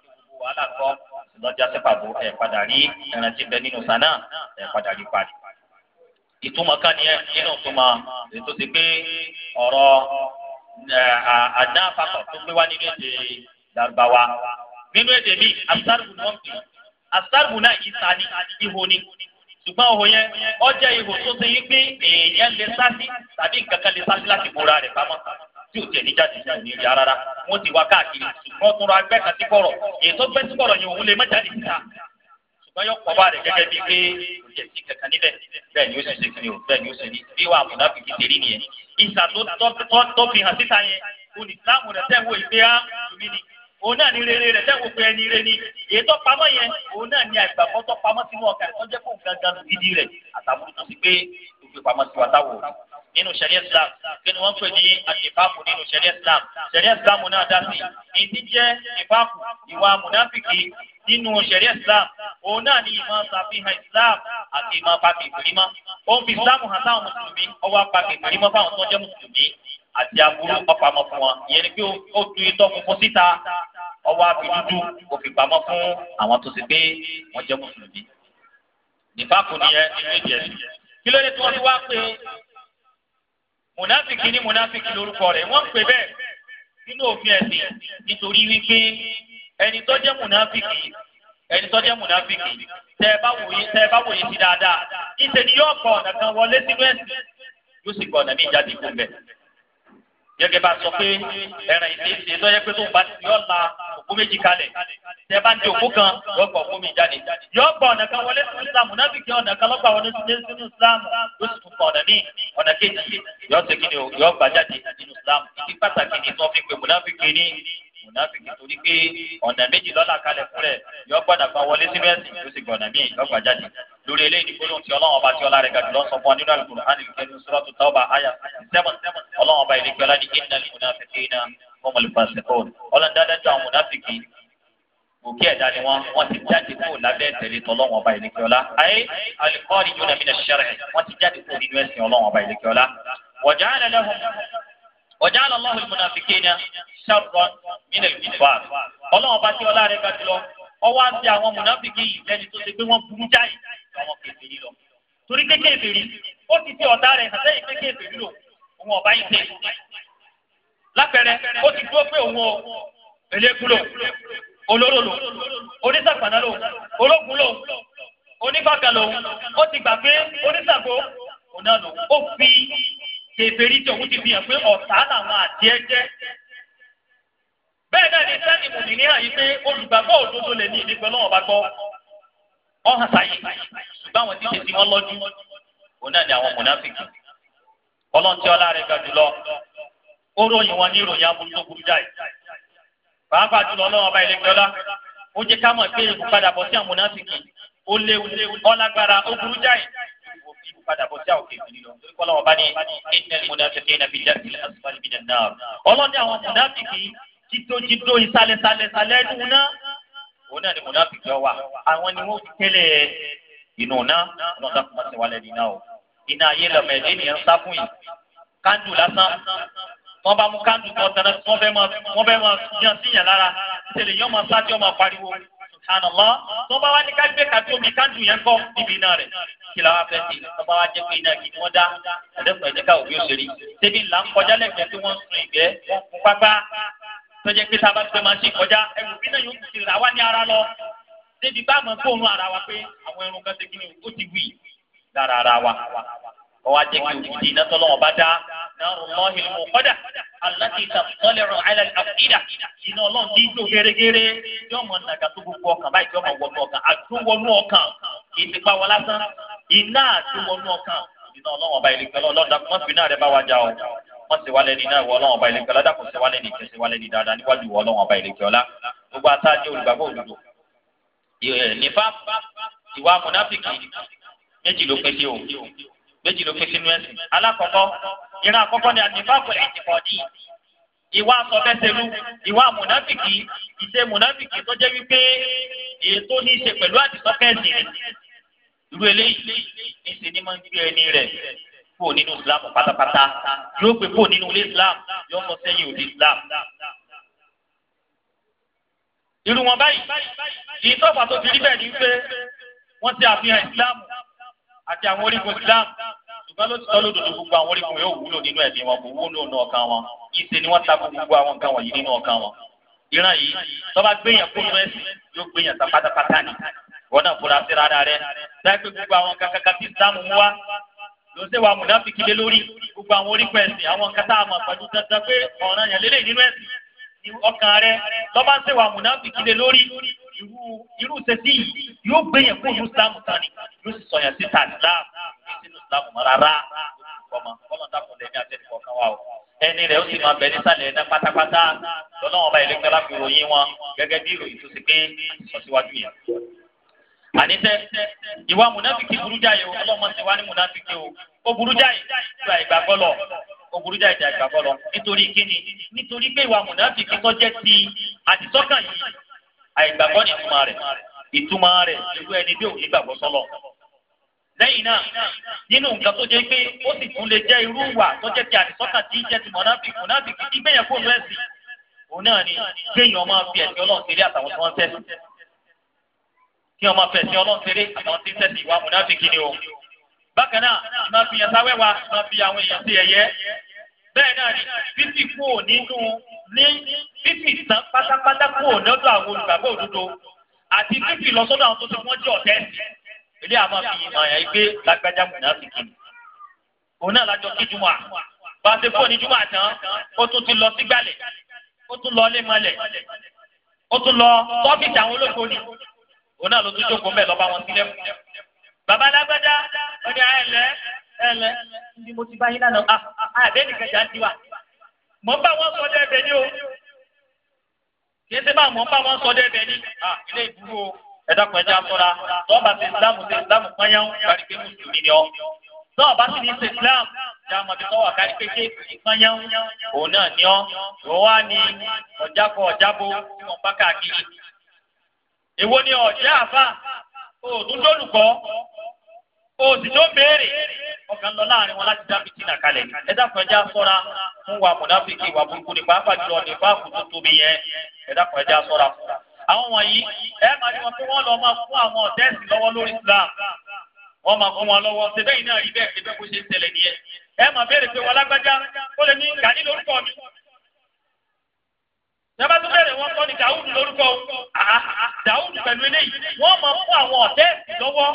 lọ́jà sípàdó ẹ̀ padà rí ẹran tí ń bẹ nínú sànà ẹ̀ padà rí parí. ìtumọ̀ kan ni ẹ nínú ìtumọ̀ ètò ti pé ọ̀rọ̀ àdá àpapọ̀ tó gbé wá nínú èdè Lárúbáwá nínú èdè mi asárùbù ni wọ́n pè asárùbù náà ìta ni ihò ni ṣùgbọ́n òhò yẹn ọjọ́ ihò tó ti yí pé èèyàn lè sá sí tàbí nǹkan kan lè sá sí láti bora rẹ̀ pamọ́ tí ò tẹ̀ ní jáde ní òní rí rárá wọ́n ti wá káàkiri ṣùgbọ́n tó ra ẹgbẹ́ kan sí kọ̀rọ̀ èyí tó gbẹ́ sí kọ̀rọ̀ yẹn òun lè má jáde níta ṣùgbọ́n yóò kọ́ bá rẹ̀ gẹ́gẹ́ bíi pé kò jẹ̀ kankan níbẹ̀ bẹ́ẹ̀ ni ó sì ṣe kiri o bẹ́ẹ̀ ni ó sì rí bí wàá mú náà fìdí tèrí nìyẹn ìṣà tó fi hàn síta yẹn olùsílámù rẹ̀ tẹ̀wọ́ ìgbé á tùmí ni òun náà ní rere rẹ̀ tẹ̀wọ́ pé ẹni rere ni èyí tó pamọ́ yẹn òun náà ní àgbàgbọ́ tó pamọ́ sínú ọkàn tó jẹ́ kó gangan gidi rẹ̀ àtàwọn tó ti gbé pamọ́ sí wa táwọn òun nínú sẹ̀ríà islam kí ni wọ́n pè ní àtìfáàkù nínú sẹ̀ríà islam sẹ̀ríà islam náà dá sí ìdí jẹ́ ìfáàkù ìwà mùnáfìkì nínú sẹ̀ríà islam òun náà ní ìmọ̀ ṣàfihàn islam àti ìmọ̀ pàkì ìgbìmọ̀ òun fi islam hàn sáwọn mùsùlùmí ọwọ́ pàkì ìgbìmọ̀ fáwọn tó jẹ́ mùsùlùmí àti aburú ọ̀pamọ́ fún wọn ìyẹn ni pé ó tu itọ́ funfun síta ọwọ́ àbídúdú kò fi pamọ́ fún àwọn tó ti pé wọ́n jẹ́ mùsùlùmí. nífàkù nìyẹn ní méjì ẹ̀sìn kí ló dé tí wọ́n ti wá pé mùnáfìkì ní mùnáfìkì lórúkọ rẹ̀ wọ́n ń pè bẹ́ẹ̀ nínú òfin ẹ̀sìn nítorí wípé ẹni tó jẹ́ mùnáfìkì ẹni tó jẹ́ mùnáfìkì tẹ́ ẹ bá wòye tẹ́ ẹ bá wòye sí dáadáa ìṣèlú yóò kọ ọ̀nà kan wọlé sínú ẹ̀sìn yóò sì kọ ọ̀nà míì jáde kó bẹ́ẹ̀ gẹ́gẹ́ bá sọ pé ẹran ìdí ìdí tó yẹ pé tó bá yọ la òkú méjì kalẹ̀ tẹ bá ń di òkú kan yọ gbọ òkú mi jáde yọ gbọ ọ̀nà kan wọlé sí islam onábìkì ọ̀nà kan lọ́gbà wọlé sí islam ló sì tún kọ ọ̀nà míì ọ̀nà kejì yọ ṣe kíni o yọ gbà jáde nínú islam ìdí pàtàkì ni tó fi pé onábìkì ní onábìkì torí pé ọ̀nà méjì lọ́la kalẹ̀ fún rẹ̀ yọ gbọ̀nà kan wọlé sí mẹ́sìn ló sì gbọ̀ ọ̀nà míì yọ gbà jáde lórí eléyìí ni gbólóhùn tí ọlọ́run ọba tí ọlá rẹ̀ gàdúrà sọ fún wa nínú àlùkò hàn ní kẹ́lí sọ́rọ́ tó tọ́ ọba àyà sẹ́wọ̀n sẹ́wọ̀n ọlọ́run ọba ìlú gbẹ́lá ní kíndà ní mùnàfíkì iná fọmọ lùfàṣẹ́kọ̀ ọlọ́run dáadáa ju àwọn mùnàfíkì òkè ẹ̀dá ni wọ́n wọ́n ti jáde kúrò lábẹ́ ìtẹ̀lé tọ́lọ́run ọba ìlú gbẹ́lá ayé alikọ́ọ̀lì yóò nàmínà ṣẹ́rẹ̀ wọ́n ti jáde kúrò nínú ẹ̀sìn ọlọ́run ọba ìlú ọlá rẹ̀ ga jùlọ ọwọ́ òun ọba yìí tẹ lápẹẹrẹ ó ti dúró pé òun o eléegun lò olóró lò onísàgbàdá lò ológun lò onífàgà lò ó ti gbà pé onísàgbò òun náà lò ó fi kèfèrí tí òun ti fi hàn pé ọ̀tá làwọn àti ẹ̀jẹ̀ bẹ́ẹ̀ náà ni sẹ́ni mùmí ní àyè pé olùgbàgbọ́ òdodo lè ní ìdígbẹ́ náà bá gbọ́ ọ̀hún àtàyè ṣùgbọ́n àwọn tí tètè wọn lọ́jú òun náà ni àwọn mùnáfíkì ọlọ́run tí ọlá rẹ̀ ga jùlọ ó ròyìn wọn ní ìròyìn aburú tó burú jáì pàápàá jùlọ ọlọ́run ọba ìlẹ́gbẹ́ ọlá ó jẹ́ ká mọ̀ pé ìbùpadà bọ̀ sí àwọn mùnáfìkì ó léwu ọlágbára ó burú jáì ìbùpadà bọ̀ sí àwọn kèfì nínú torí kọ́ ọlọ́run ọba ní innal munafiqina fi darkil asfali minan nar ọlọ́run ní àwọn mùnáfìkì jídójídó ìsàlẹ̀sàlẹ̀sàlẹ̀ ẹnu náà òun náà ni mùnáfìkì ọwà àwọn ni wọ́n tẹ́lẹ̀ inú náà ọlọ́run dàkúmọ̀ se wàlẹ́ nínú náà iná ayé lọ́mọ ẹ̀dẹ́ nìyẹn ń sá fún yìí kándù lásán wọ́n bá mú kándù tó tẹ̀lé wọ́n fẹ́ máa wọ́n fẹ́ máa yan síyàn lára ìṣẹ̀lẹ̀ yọ́n máa sá tí wọ́n máa pariwo subhanallah tó bá wá ní ká gbé kàbí omi kándù yẹn kọ́ níbi iná rẹ̀ kí la wá fẹ́ sí tó bá wá jẹ́ pé iná kí wọ́n dá ẹ̀dẹ́kùn ẹ̀dẹ́ká òbí òṣèré débi là ń kọjá lẹ́gbẹ̀ẹ́ tí wọ́n sun ìgbẹ́ wọ́n fún pápá tó jẹ́ pé tá a bá gbé machine kọjá ẹ̀rù bí náà yóò ti rà wá ní ara lọ débi bá a mọ̀ fóònù ara wa pé àwọn ẹrù kan ṣe kí ni ó ti wí lára ara wa ọwọ́ ajé kí òkú di iná tọ́lọ́wọ́ bá dá náà lọ́hìn mú kọ́dà aláti ìtàkùnlẹ̀rọ̀ àìlàkìdà iná ọlọ́run ti jó gẹ́gẹ́rẹ́ yóò mọ nàgà tó gbogbo ọkàn báyìí yóò mọ wọnú ọkàn àtúwọnú ọkàn ìtìpa wọn lásán iná àtúwọnú ọkàn iná ọlọ́run ọba ìlẹ̀kẹ́ ọlọ́run dàkú mọ́sí iná rẹ̀ bá wa o wọ́n sì wálé ní iná ìwọ ọlọ́run ọba ìlẹ̀kẹ́ ọlá dàkú sí wálé ní ìkẹsí wálé ní dáadáa níwájú ìwọ ọlọ́run ọba ìlẹ̀kẹ́ ọlá gbogbo àtàjẹ́ olùgbàgbọ́ òdodo nífà ìwà mùnáfíkì méjì ló pé sí o méjì ló kékeré nínú ẹ̀sìn alákọ̀ọ́kọ́ ìran àkọ́kọ́ ni àdìfáàkọ̀ ẹ̀jìkọ̀ọ́dì ìwà sọ̀bẹ́sẹ̀lú ìwà mùnáfìkì ìṣe mùnáfìkì tó jẹ́ wípé ètò ní í ṣe pẹ̀lú àdìsọ́kẹ́sì irú eléyìí níṣẹ́ ni máa ń gbé ẹni rẹ̀ kó nínú Islam pátápátá yóò gbé kó nínú ilé Islam yóò mọ sẹ́yìn òde Islam irú wọn báyìí ìtọ́fà tó ti rí bẹ́ẹ̀ ni pé wọ́n ti àfihàn Islam àti àwọn orígun Islam ṣùgbọ́n ló ti tọ́ lódodo gbogbo àwọn orígun yóò wúlò nínú ẹ̀mí wọn kò wúlò nínú ọkàn wọn ìṣe ni wọ́n ta gbogbo àwọn nǹkan wọ̀nyí nínú ọkàn wọn. ìran yìí tọ́ba gbéyàn kó lọ ẹ̀sìn yóò gbéyàn ta pátápátá ni wọn náà fura sí rárá rẹ dáìpé gbogbo àwọn kankan tí Islam wá ló ṣe wà múnáfíkì lé lórí gbogbo àwọn orígun ẹ̀sìn àwọn kátà irú irú sẹ́sí yìí yóò gbé yẹn kó ìsìlámù tán ni yóò sì sọyàn síta ìsìlámù sínú ìsìlámù mọ́ rárá kọ́mọ kọ́mọ dàpọ̀ lẹ́mí àtẹnukọ́ kan wà o. ẹni rẹ̀ ó sì máa bẹ nísàlẹ̀ ẹ̀dá pátápátá lọ́nà ọba ìlẹ́gbẹ́ láfi ròyìn wọn gẹ́gẹ́ bí ìròyìn tó ti pé ìsọsíwájú yẹn. àníṣe ìwà mùnáfíkì burújáyé o ọlọ́mọ sì wá ní mùnáfíkì o ó burújáyé ju àìgbàgbọ́ lọ oburú jáde àgbàbọ lọ nítorí kíni nítorí pé ìwà mùnàfíkì tó jẹ́ ti àdìsọ́kàn yìí àìgbàgbọ́ ní ìtumọ̀ rẹ̀ ìtumọ̀ rẹ̀ irú ẹni bí òní gbàgbọ́ sọ́lọ̀. lẹ́yìn náà nínú nǹkan tó jẹ́ pé ó sì tún lè jẹ́ irú ti àdìsọ́kà tí ti mọ̀nàfíkù náà fi kí gbẹ̀yẹ̀ ni 'Gbe máa fi ẹ̀sìn ọlọ́run àtàwọn tí wọ́n tẹ̀sí kí fi ẹ̀sìn ọlọ́run àtàwọn tí tẹ̀sí o. fi bẹ́ẹ̀ náà ni fífi kúrò nínú ní fífi tán pátápátá kúrò lọ́dọ̀ àwọn olùgbàgbọ́ òdodo àti fífi lọ sọ́dọ̀ àwọn tó ti wọ́n jẹ́ ọ̀tẹ́ ilé àmọ́ fi hàn yà gbé lágbájá múná sí kìnnì òun náà lájọ kí jùmọ̀ bá a ṣe fóònù jùmọ̀ àtàn ó tún ti lọ sígbàlẹ̀ ó tún lọ lé mọ́lẹ̀ ó tún lọ sọ́fíìsì àwọn olóko ni òun náà ló tún jókòó mẹ́ lọ́ bá wọn sílẹ̀ bàbá lágbájá ó ní àyẹ̀lẹ́ ẹlẹ ní mo ti bá yín lánàá ah, ah, ah, àbẹ nìkan jà ń di wa mọ bá wọn sọ dẹ bẹ ní o kìí ṣe báwọn mọ bá wọn sọ dẹ bẹ ní ilé ìdúró ẹ̀dá pẹjá sọra tọba ṣe ìsìlámù ṣe ìsìlámù pányán kárí pé mùsùlùmí ni ọ náà bá sì ní ṣe islam jàmọ̀ bí tọ́wọ̀ kárí pété ìpányán òun náà ni ọ́ òun wá ní ọ̀jábọ̀ ọ̀jábọ̀ tí wọ́n bá káàkiri. èwo ni ọ̀jẹ́ àfà òòtún lólùkọ́ oṣù tó béèrè ọkàn lọ láàrin wọn láti dá fìtínà kalẹ̀ ẹ dákun ẹjẹ́ asọ́ra fún wa ìwà burúkú ní pàápàá jùlọ ní fáàkù tó tóbi yẹn ẹ dákun ẹjẹ́ asọ́ra fún àwọn wọ̀nyí ẹ máa ní wọn pé wọ́n lọ máa fún àwọn lọ́wọ́ lórí Islam wọ́n máa fún wọn lọ́wọ́ náà rí bẹ́ẹ̀ yàrá tó bẹ̀rẹ̀ wọn kọ́ ni dàúdù lórúkọ dàúdù pẹ̀lú eléyìí wọ́n máa fún àwọn ọ̀tẹ́ lọ́wọ́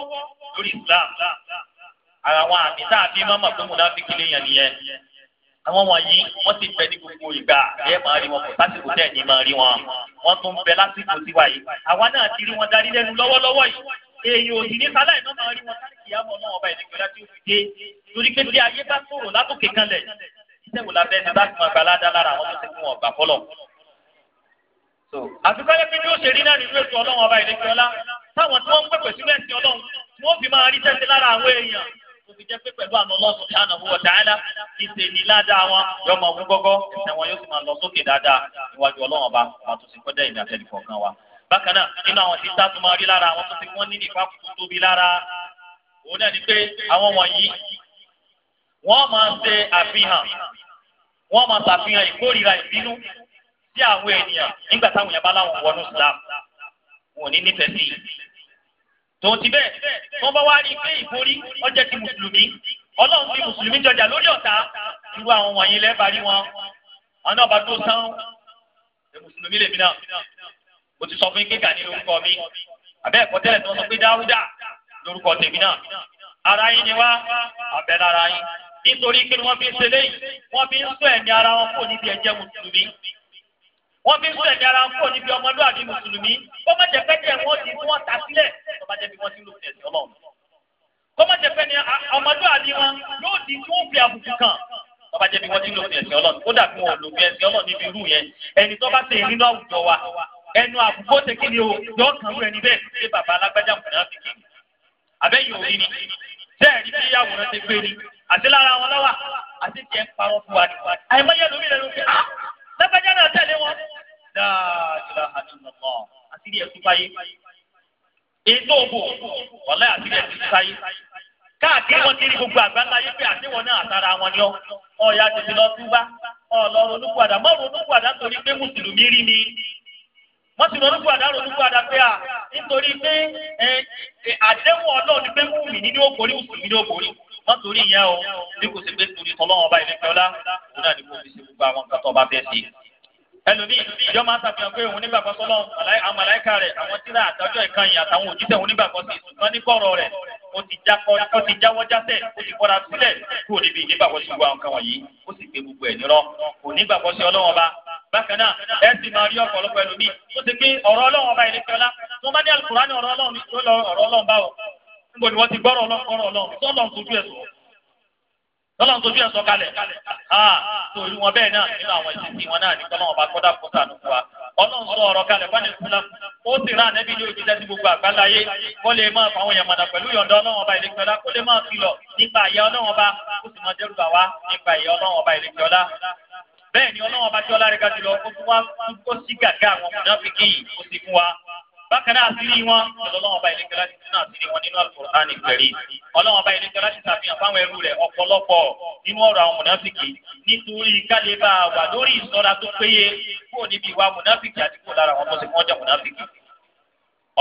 lórí islam ara àwọn àmì tá a bí mọ́mọ́ pé mùnáfíkì lèèyàn nìyẹn àwọn wọ̀nyí wọ́n ti bẹ ní gbogbo ìgbà ẹ máa rí wọn kò sásìkò tẹ̀ ní máa rí wọn wọ́n tún bẹ lásìkò tiwa yìí àwa náà ti rí wọn darí lẹ́nu lọ́wọ́lọ́wọ́ yìí èèyàn òsì ní sáláì náà máa rí wọn sáré kìyàmọ̀ náà ọba ìdíkọ̀ láti òfìdé torí pé tí ayé bá sòrò látòkè kanlẹ̀ iṣẹ́ wò la bẹ́ẹ̀ ni bá ti máa gbalá dá lára àwọn tó ti fún ọ̀gbà fọlọ̀ àfikọ́lẹ́ pé bí ó ṣe rí náà nínú ètò ọlọ́run ọba ìlẹ́kẹ́ ọlá táwọn tí wọ́n ń pẹ̀pẹ̀ sílẹ̀ sí ọlọ́run ni wọ́n fi máa rí tẹ́tẹ́ lára àwọn èèyàn tó fi jẹ́ pé pẹ̀lú àná Allah subhanahu wa ta'ala kí ṣe ní ládàá wọn yóò máa wú gọ́gọ́ ẹ̀sẹ̀ wọn yóò sì máa lọ sókè dáadáa níwájú ọlọ́run ọba wọn tó ti pẹ́ dẹ́yìn àtẹ̀lé kọ̀ọ̀kan wa. bákan náà nínú àwọn tí tá a tún máa rí lára àwọn tó ti wọ́n ní nípa kúkú tóbi lára òun náà ni pé àwọn wọ̀nyí wọ́n máa ń ṣe àfihàn wọ́n máa ṣàfihàn ìkórìíra ìbínú sí àwọn ènìyàn nígbà táwọn èèyàn bá láwọn wọnú Islam wọn ò ní nífẹ̀ẹ́ sí i. tòun ti bẹ́ẹ̀ wọ́n bá wá rí i pé ìborí ọjọ́ ti mùsùlùmí ọlọ́run fi mùsùlùmí jọjà lórí ọ̀tá irú àwọn wọ̀nyí lẹ́ẹ̀bà rí wọn àwọn náà bá tó sán mùsùlùmí lèmi náà mo ti sọ fún yín pé Gani lórúkọ mi àbẹ́ ẹ̀kọ́ tẹ́lẹ̀ tí wọ́n sọ pé Dáúdà lórúkọ tèmi náà ara yín ni wá àbẹ́ lára yín nítorí kí ni wọ́n fi ń ṣe léyìí wọ́n fi ń sọ ẹ̀mí ara wọn kò níbi ẹ̀jẹ̀ mùsùlùmí wọ́n fi ń sọ ẹ̀dá ara ń pọ̀ níbi ọmọlúwàbí mùsùlùmí kọ́mọ̀jẹ̀ pẹ́tẹ́ wọn ti tí wọ́n ta sílẹ̀ tọ́bajẹ́ bí wọ́n ti lò tẹ̀sí ọlọ́run kọ́mọ̀jẹ̀ pẹ́ ni ọmọlúwàbí wọn yóò di tí wọ́n fi àbùkù kàn tọ́bajẹ́ bí wọ́n ti lò tẹ̀sí ọlọ́run kódà kí wọ́n lò fi ẹ̀sìn níbi irú yẹn ẹni tó bá ṣe nínú àwùjọ wa ẹnu àbùkù ṣe kí ni o yọ kàn rẹ níbẹ̀ ṣé bàbá alágbájá mùnà fi ah, lágbájá náà tẹ̀lé wọn. dáàdìlá àtúnlọ́pọ̀ àtìrí ẹ̀kú báyé. òbò wọlé àtìrí káàkiri wọn gbogbo àgbáńlá pé àtiwọn náà wọn ni ọ. ọ̀ya lọ ọ̀lọ́ mọ́ torí pé mùsùlùmí rí wọ́n ti pé à nítorí pé àdéhùn pé mùmí mùsùlùmí ní má torí ìyẹn o bí kò sì pé torí tọ́lọ́wọ́n ọba ìlẹ́fẹ́ ọlá òun náà ni kò fi ṣe gbogbo àwọn nǹkan tó ọba fẹ́ ṣe. ẹlòmíì yọ máa ṣàfihàn pé òun nígbàgbọ́ sọ́lọ́ àmàláìka rẹ̀ àwọn tíra àtàjọ ìkànnì àtàwọn òjíṣẹ́ òun nígbàgbọ́ sí ṣùgbọ́n ní kọ̀rọ̀ rẹ̀ o ti jáwọ́ jásẹ̀ o ti kọ́ra sílẹ̀ kúrò níbi ìnígbàgbọ́ sí gbogbo àwọn nǹkan wọ̀nyí ó sì gbé gbogbo ẹ̀ nírọ́ kò nígbàgbọ́ sí Ọlọ́run ọba bákan náà ẹ sì máa rí ọ̀pọ̀lọpọ̀ ẹlòmíì ó ti pín ọ̀rọ̀ Ọlọ́run ọba ìlẹ́kẹ́ ọlá tó bá ní Al-Kùránì ọ̀rọ̀ Ọlọ́run báwo níbo ni wọ́n ti gbọ́rọ̀ lọ gbọ́rọ̀ lọ sọ́lọ́ sojú ẹ̀ sọ sọ́lọ́ sojú ẹ̀ sọ kalẹ̀ torí wọn bẹ́ẹ̀ náà nínú àwọn ìsìnkú wọn náà ní kọ́lọ́ ọba kọ́dà kó sànù wa ọlọ́run sọ ọ̀rọ̀ kalẹ̀ fún ẹ̀sìnlá ó sì rán ànẹ́bí ní òjijẹ́ sí gbogbo àgbáláyé kó lè máa fa àwọn ìyàmọ̀nà pẹ̀lú ìyọ̀ǹda ọlọ́run ọba ìlẹ́kẹ̀ọ́lá kó lè máa filọ̀ nípa ìyà ọlọ́run ọba ó sì máa dẹ́rù bà wá nípa ìyà ọlọ́run ọba ìlẹ́kẹ̀ọ́lá bẹ́ẹ̀ ni ọlọ́run ọba tí rẹ̀ ga ó tún wá ó sì gàgà àwọn mọ̀nàfíkì yìí ó sì fún wa bákan náà àṣírí wọn ọlọ́wọ́n ọba ìlẹ́kẹ́ láti tún àṣírí wọn nínú Al-Qur'an Al-Karim ọlọ́wọ́n ọba ìlẹ́kẹ́ láti ṣàfihàn fáwọn ẹrú rẹ̀ ọ̀pọ̀lọpọ̀ nínú ọ̀rọ̀ àwọn mùnáfìkì nítorí kálíbà wà lórí ìṣọ́ra tó péye kúrò níbi ìwà mùnáfìkì àti kúrò lára àwọn ọmọdé wọn jẹ́ mùnáfìkì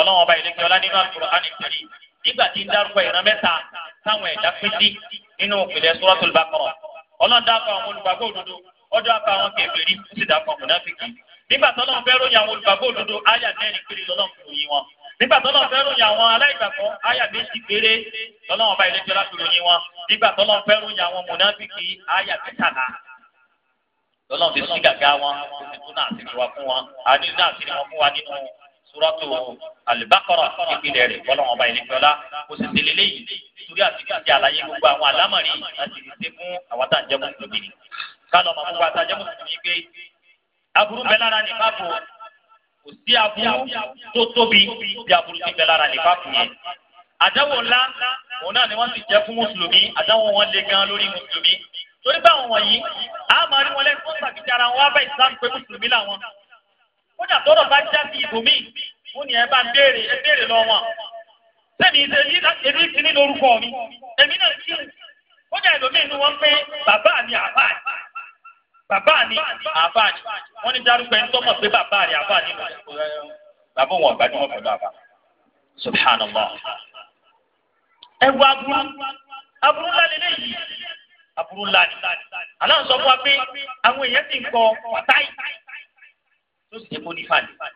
ọlọ́wọ́n ọba ìlẹ́kẹ́ ọlá nínú Al-Qur'an Al-Karim nígbà tí ń dárúkọ ìran mẹ́ta táwọn ẹ̀dá pín sí nínú ìpìlẹ̀ Suratul Baqarah ọlọ́dà kọ àwọn olùgbàgbọ́ òdodo ọjọ́ àpá àwọn kèfèrí ó sì nígbà tó lọ́n fẹ́ ròyìn àwọn olùgbàgbọ́ òdodo àyà mẹ́rin péré lọ́lọ́n fi ròyìn wọn nígbà tó lọ́n fẹ́ ròyìn àwọn aláìgbàgbọ́ àyà méjì péré lọ́lọ́n ọba ìlẹ́jọ́ láti ròyìn wọn nígbà tó lọ́n fẹ́ ròyìn àwọn mùnáfíkì àyà mẹ́tàlá lọ́lọ́n fi sí gàgá wọn ó náà sí wa fún wọn àní náà sí wọn fún wa nínú suratu alibakọrọ ìpìlẹ̀ rẹ̀ bọ́lọ́wọ́n ọba ìlẹ́jọ́ la kò sì tẹ̀lé léyìí torí àti kí àlàyé gbogbo àwọn alámọ̀rí láti fi ṣe fún àwọn tá à ń mọ̀ gbogbo àtàjẹ́ pé aburú bẹ lára ní báàbò kò sí aburú tó tóbi bí aburú ti bẹ lára ní báàbò yẹn. àdáwò ńlá òun náà ni wọ́n ti jẹ́ fún mùsùlùmí àdáwò wọn le gan lórí mùsùlùmí torí báwọn wọ̀nyí a máa rí wọn lẹ́nu tó ń sàkíkí ara wọn wá bá ìsìlámù pé mùsùlùmí làwọn. kódà tọ́rọ̀ bá já sí ibòmíì fún ni bá ń béèrè ẹ béèrè lọ wọn. sẹ́mi èmi èmi ti ní lórúkọ mi èmi náà kírun bàbá ni àbá ni wọ́n ní dárúkọ ẹni tó mọ̀ pé bàbá rẹ̀ àbá ni bàbá wọn gbajúmọ̀ pẹ̀lú àbá subhanallah ẹ wọ aburú aburú ńlá lélẹ́yìí aburú ńlá ni aláǹ sọ fún wa pé àwọn èèyàn ti ń kọ wàtáì tó sì dépò ní fàlẹ́.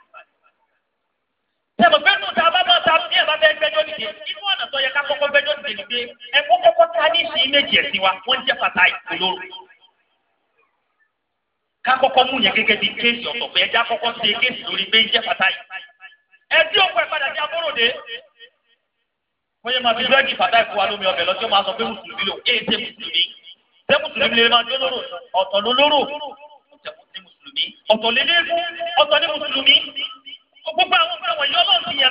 Tẹ̀mọ̀ pé nù tá a bá máa ta bí ẹ̀ bá fẹ́ gbẹ́jọ́ nìyẹn, inú ọ̀nà tó yẹ ká kọ́kọ́ gbẹ́jọ́ nìyẹn ni pé ẹ̀kọ́ kọ́kọ́ ta ní ìsìn méjì ẹ̀sìn wa, wọ́n jẹ́ pàtàkì olóró kakọkọ mú yàn gẹ́gẹ́ bíi kéèsì ọ̀tọ̀ fún ẹjẹ akọkọ ṣe kéèsì lórí pé ń jẹ fata yìí ẹtí òkú ẹ padà sí abúròde wọ́n yẹ máa fi búrẹ́dì fata ìfowó alómi ọbẹ̀ lọ tí ó máa sọ pé mùsùlùmí lò kéè ṣe mùsùlùmí ṣé mùsùlùmí lè máa jó lóró ọ̀tọ̀ ló lóró ọ̀tọ̀ lé léegun ọ̀tọ̀ ní mùsùlùmí gbogbo àwọn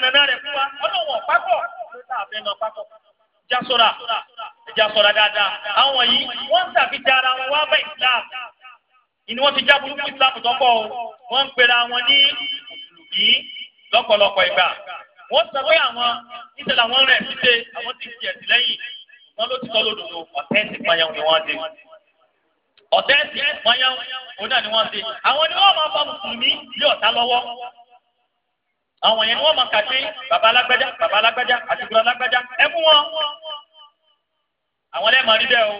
ọmọ wọn yọ ni wọ́n ti já burúkú islam tó pọ̀ wọ́n ń pera wọn ní mùsùlùmí lọ́pọ̀lọpọ̀ ìgbà wọ́n sọ pé àwọn níṣẹ́ làwọn rẹ̀ ṣíṣe àwọn ti fi ẹ̀sìn lẹ́yìn wọ́n ló ti sọ lódodo ọ̀tẹ́ ẹ̀sìn payàn ni wọ́n ṣe ọ̀tẹ́ ẹ̀sìn payàn òun náà ni wọ́n ṣe àwọn ni wọ́n máa bá mùsùlùmí lé ọ̀tá lọ́wọ́ àwọn yẹn ni wọ́n máa kà sí bàbá alágbájá bàbá alágbájá àti gbọ́dọ̀ alágbájá ẹ wọn àwọn ẹlẹ́mọ̀ rí bẹ́ẹ̀ o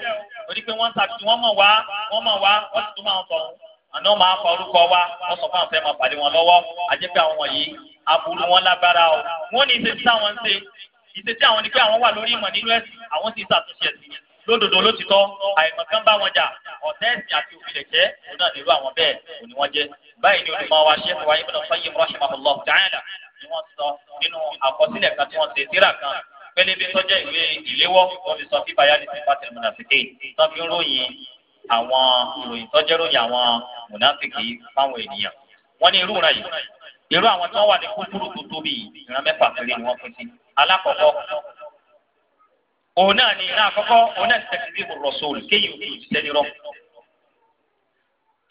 torí pé wọ́n ń mọ̀ wá wọ́n mọ̀ wá wọ́n sì tún máa ń sọ àná máa fa orúkọ wa wọ́n sọ fún àwọn fẹ́ máa pàdé wọn lọ́wọ́ àjẹ́ pé àwọn wọ̀nyí aburú wọn lágbára o wọ́n ní ìṣesí táwọn ń ṣe ìṣesí àwọn ni pé àwọn wà lórí ìmọ̀ nínú ẹ̀sìn àwọn sì ṣàtúnṣe ẹ̀sìn lódodo ló ti tọ́ àìmọ̀kan bá wọn jà ọ̀tẹ́ ẹ̀sìn àti òfìlẹ̀ jẹ́ òun náà nílò àwọn bẹ́ẹ̀ òní wọn jẹ́ báyìí ni olùmọ̀ wa ṣe fún wa ibùdó fọyín rahimahullah ta'ala ni wọ́n sọ nínú àkọsílẹ̀ kan tí wọ́n ṣe tírà kan pélébé tọ́jẹ́ ìwé ìléwọ́ wọ́n fi sọ fífa yálì sí pátẹ́lì mùnàfíkè tó fi ń ròyìn àwọn ìròyìn tọ́jẹ́ròyìn àwọn mùnáfíkì fáwọn ènìyàn wọ́n ní irú rẹ̀ yìí irú àwọn tí wọ́n wà ní kúkúrú tó tóbi ìran mẹ́fà péré ni wọ́n pín sí alákọ̀ọ́kọ́ òun náà ni iná àkọ́kọ́ òun náà ti tẹ̀sí bí rọ̀sọ̀lù kéyìn òkú ìtẹ́lérọ́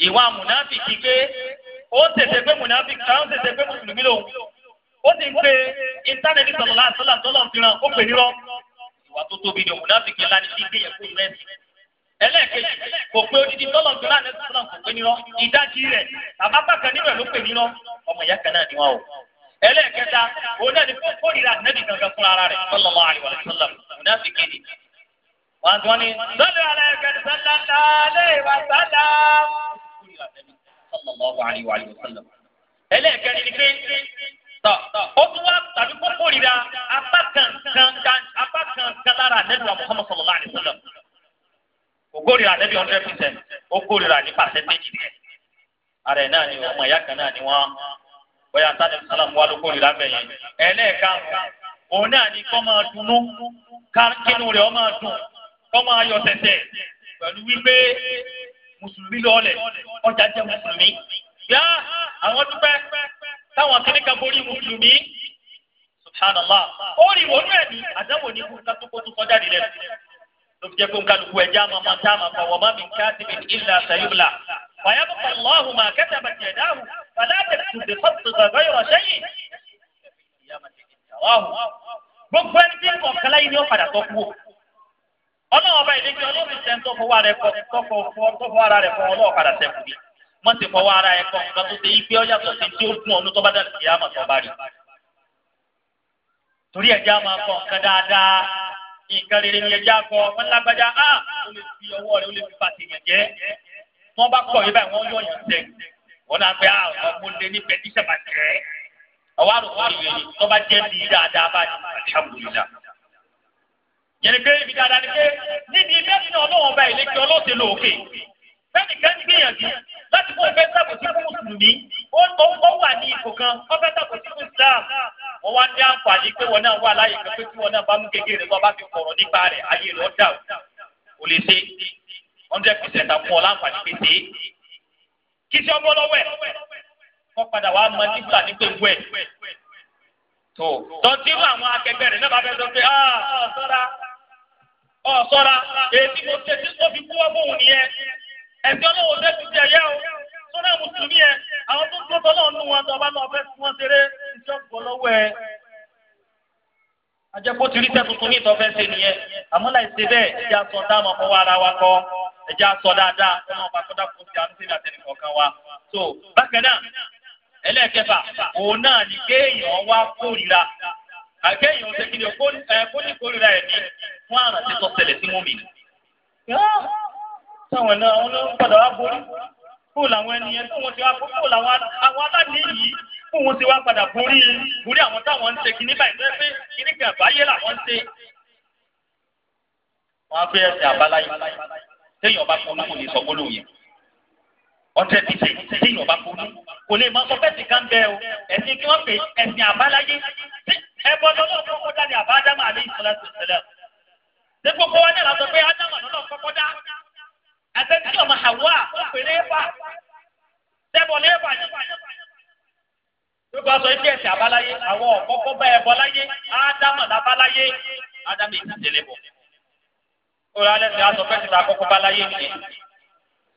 ìwà mùnáfíkì pé ó tètè pé mùnáfíkì kan ó tètè pé mùsùlùmí lòun ó ti ń pe intanẹti sọlọ láti sọlá sọlá ń fìràn ó pè nírọ́ ìwà tó tóbi ni mùnáfíkì ńlá ni bí gbé yẹn kú mẹ́sì ẹlẹ́ẹ̀kejì kò pé odidi tọ́lọ̀ gbéra ní ẹ̀sìn náà kò pé nírọ́ ìdajì rẹ̀ bàbá pàkan nínú ẹ̀ ló pè nírọ́ ọmọ ìyá kan náà ni wọn o. ẹlẹ́ẹ̀kẹta òun náà ni kó kórìíra nẹ́bì gangan fún ara rẹ̀ sallallahu alaihi wasallam òun náà sì kéde. wọn tún ní sọlọ alẹ kẹrin sọlá lálẹ ìwà sọlá. sallallahu alaihi wasallam. ẹlẹ́ẹ̀kẹrin ni pé tọ ó tún wá tàbí kó kórìíra apá kan kan lára nẹ́bì wa Muhammad sallallahu alaihi wasallam ògórìrà lẹ́bi hundred percent ògórìrà ní percentage rẹ̀ ara ẹ̀ náà ni ọmọ ìyá kan náà ni wọ́n bóyá sáré sálàm wà lógórìrà bẹ̀yẹn ẹlẹ́ẹ̀ka òun náà ni kọ́ máa dunnú kínú rẹ̀ ọ́ máa dùn kọ́ máa yọ tẹ̀tẹ̀ pẹ̀lú wípé mùsùlùmí lọ́ọ̀lẹ̀ ọjà jẹ́ mùsùlùmí yá àwọn dúpẹ́ táwọn akẹ́kẹ́ borí mùsùlùmí subhanallah ó rí wọnú ẹ̀ ní àdáwò ní kó tó fi jẹ́ pé ń kálukú ẹja máa máa tá a máa fọwọ́ má mi ká síbi ìlà sayúbla. wàyábọ̀ pàlọ́hù máa kẹ́tà bàjẹ́ dáhù fàlàtẹ̀ tùdẹ̀ fọ́tù gbàgbọ́ yọ̀rọ̀ sẹ́yìn. gbogbo ẹni tí ń bọ̀ kálá yìí ni ó padà tọ́kú o. ọlọ́run ọba ìdíje ọlọ́run ṣe ń tọ́fọwọ́ ara rẹ̀ fọ ọlọ́run padà sẹ́kù bí. wọ́n ti fọwọ́ ara ẹ̀ kọ́ nǹkan tó ṣe yí pé ọjà tó ṣe tí ó dùn ọdún tó bá dà torí ẹ̀já máa kọ nǹkan dáadáa nǹkan rere ni ẹja kọ wọn lágbájá á ah, ó lè fi ọwọ́ rẹ̀ ó lè fi pàtì yẹn jẹ́ wọn bá kọ̀ yín báyìí wọ́n yọ̀ yàn sẹ́ wọn náà fẹ́ àwọn ah, mo lé níbẹ̀ tí sábà jẹ́ àwọn àròkọ ìrẹ̀ tó bá jẹ́ bí dáadáa bá ní alihamudulila yẹn ni pé ibi dáadáa ni pé nídìí mẹ́rin náà ọlọ́wọ́n bá ilé kí ọlọ́ọ̀tẹ̀ lóòkè sẹ́nìkan ti gbìyànjú láti fún ìfẹ́ sàbòsí fún mùsùlùmí ó ó wà ní ipò kan wọ́n fẹ́ sàbòsí fún islam wọ́n wá ní àǹfààní pé wọn náà wà láyé kan pé tí wọn náà bá mú kékeré wọn bá fi kọ̀rọ̀ nípa rẹ̀ ayé rẹ̀ ọ̀dà ò lè ṣe hundred percent àfún ọ láǹfààní pé ṣe é kí ṣe ọmọ lọ́wọ́ ẹ̀ wọ́n padà wá mọ nígbà nígbà ìwé ẹ̀ tó tọ́tí àwọn akẹgbẹ́ rẹ̀ náà bá fẹ́ sọ pé ọ̀ ah, sọ́ra ọ̀ sọ́ra èyí tí mo ṣe tí ẹ̀sìn ọlọ́wọ́ fẹ́ ti di ẹ̀yẹ́ o sọ́nà mùsùlùmí ẹ̀ àwọn tó ń gbọ́ tọ́lọ́ nù wọn tó bá lọ fẹ́ fún wọn ṣeré iṣẹ́ ọ̀pọ̀ lọ́wọ́ ẹ̀. ajẹ́pọ̀ ti rí iṣẹ́ tuntun ní ìtọ́fẹ́ ṣe nìyẹn àmọ́ láì ṣe bẹ́ẹ̀ ẹja sọ dáàmú ọkọ wa ara wa kọ ẹja sọ dáadáa ọmọ ọba kọ́dà kó ti àánú sí àtẹnìkọ̀ọ̀kan so bákan náà ẹlẹ́ẹ̀kẹfà òun náà ni kéèyàn wá kórìíra àkéèyàn ṣe kí ni kó ní kórìíra ẹ̀mí fún àrùn àti tọ́sẹ̀lẹ̀ sí mú mi táwọn náà wọn ń padà wá borí kó làwọn ènìyàn tó wọn ti wá kó làwọn àwọn aláàdé yìí kó wọn ti wá padà borí borí àwọn táwọn ń ṣe kíní báyìí tó yẹ pé kíní kan àbáyé làwọn ń ṣe. wọn á fẹ́ ẹsẹ̀ àbáláyé téèyàn bá fọnú kò ní sọ gbólóhùn yẹn ọtẹ títẹ téèyàn bá fọnú kò lè máa sọ bẹ́ẹ̀ sì kán bẹ́ẹ̀ o ẹ̀sìn kí wọ́n pè ẹ̀sìn àbáláyé ẹbọ lọ́wọ́ tó kọ́kọ́ dá ní àbá àtẹ̀tí ọmọ Hawa ó pè lẹ́fà tẹ́bọ̀ lẹ́fà yìí. gbogbo aṣọ ibi ẹ̀sìn àbáláyé àwọn ọ̀kọ́kọ́ bá ẹ̀bọ láyé ádámù làbáláyé ádámù ìdílé bọ̀. kóra alẹ́ ti aṣọ fẹ́ẹ́ ti ta àkọ́kọ́ bá láyé nìyẹn.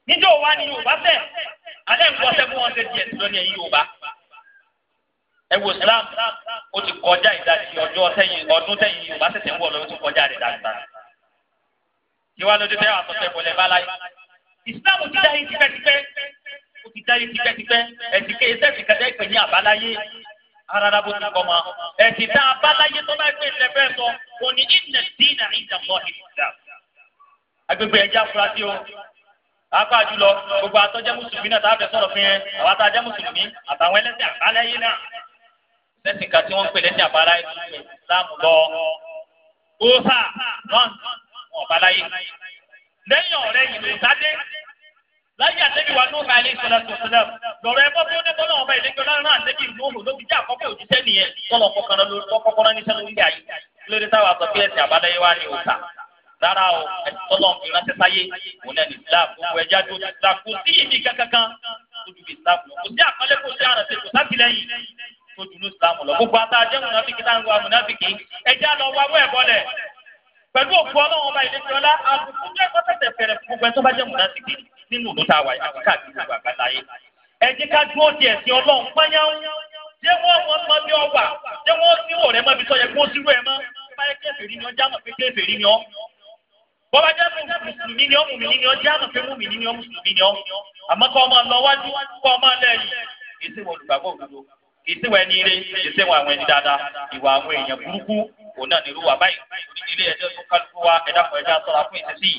níjọ́ wa ni Yorùbá tẹ̀ alẹ́ ń gbọ́ sẹ́kù wọn ṣe díẹ̀ lónìí ẹ̀yìn Yorùbá. ẹ wo Islam ó ti kọjá ìdajì ọjọ́ ọdún tẹ̀yìn Yorùbá tẹ̀sẹ̀ ń wọ̀ lọ́wọ́ tó kọjá rẹ̀ dáadáa ìwádìí tẹ́ àtọ̀tẹ̀ bọ̀lẹ̀ bá láyé. ìsìláàmù ti dáyé tipẹ́tipẹ́ ó ti dáyé tipẹ́tipẹ́ ẹ̀sìn ké ẹsẹ̀ ti kẹ́tẹ́ ìpè ní àbáláyé arára bó ti kọ́ ma ẹ̀sìn tá àbáláyé tó bá gbé ilẹ̀ bẹ́ẹ̀ sọ kò ní ìnà dínà ìjàmọ́ ìsìlá. agbègbè ẹ̀já afurasí o apá jùlọ gbogbo àtọ́jẹ́ mùsùlùmí náà tábẹ̀ sọ̀rọ̀ fún yẹn àwọn àtàjẹ́ mùsùlùmí àtàwọn ẹlẹ́sìn àbáláyé náà lẹ́sìn kan tí wọ́n ń pè lẹ́sìn àbáláyé tó ń pè láàmú lọ. ó sà náà ọba láyé lẹ́yìn ọ̀rẹ́ ìlú ìsádé láyé àtẹ́bí wa ló hàlẹ́ ìṣọ̀lá tòṣìlẹ̀ lọ́rọ̀ ẹ̀kọ́ tí ó ní bọ́lá ọba ìlẹ́jọ́ láàrin àtẹ́bí ìlú òhùn ló fi jẹ́ àkọ́kọ́ òjíṣẹ́ nìyẹn tọ́lọ̀ kọkànlá ló tọ́ kọ́kọ́rọ́ ní sẹ́nu ilé ayé lórí táwa sọ pé ẹ̀sìn àbáláyé wa ni òòtà rárá o ẹ̀sìn tọ́lọ̀ ìránṣẹ́ sáyé òun náà ní Islam gbogbo ẹja tó ta kò sí ìdí kankan lójú Islam kò sí àkọlé kò sí àrànṣe kò sátìlẹ́yìn tó dùnú Islam lọ gbogbo àtàjẹ́ mùnàfíkì táwọn mùnàfíkì ẹja lọ wá wẹ́ẹ̀ bọ́lẹ̀ pẹ̀lú òkú ọlọ́run ọba ìlẹ́jọ́ ọlá àbùkù ní ẹ̀kọ́ tẹ̀tẹ̀ fẹ̀rẹ̀ gbogbo ẹ̀ tó bá jẹ́ mùnásìkì nínú òkúta wa àti káàkiri gbogbo àgbáláyé. ẹ jẹ́ ká dúró di ẹ̀sìn ọlọ́run pányáwó jẹ́ wọ́n mọ ọmọ bí ọwà jẹ́ wọ́n sírò rẹ mọ́bi tó yẹ kó sírò ẹ mọ́ báyẹ kèfèrí ni ọ jámọ̀ pé kèfèrí ni ọ. bọ́lá jẹ́ mùsùlùmí ni ọ mùmìnì ni ọ jámọ̀ pé mùmìnì ni ọ mùsùlùmí ni ọ. àmọ́ kọ́ ọmọ lọ wájú kọ́ ọmọ lẹ́yìn èsì wọn olùgbàgbọ́ òdodo èsì wọn ẹni ire èsì wọn àwọn ẹni dáadáa ìwà àwọn èèyàn burúkú òun náà nírú wa báyìí onídìrí ẹjọ́ tó kálukú wa ẹ̀dá kan ẹ̀dá sọ̀rọ̀ fún ìtẹ́sí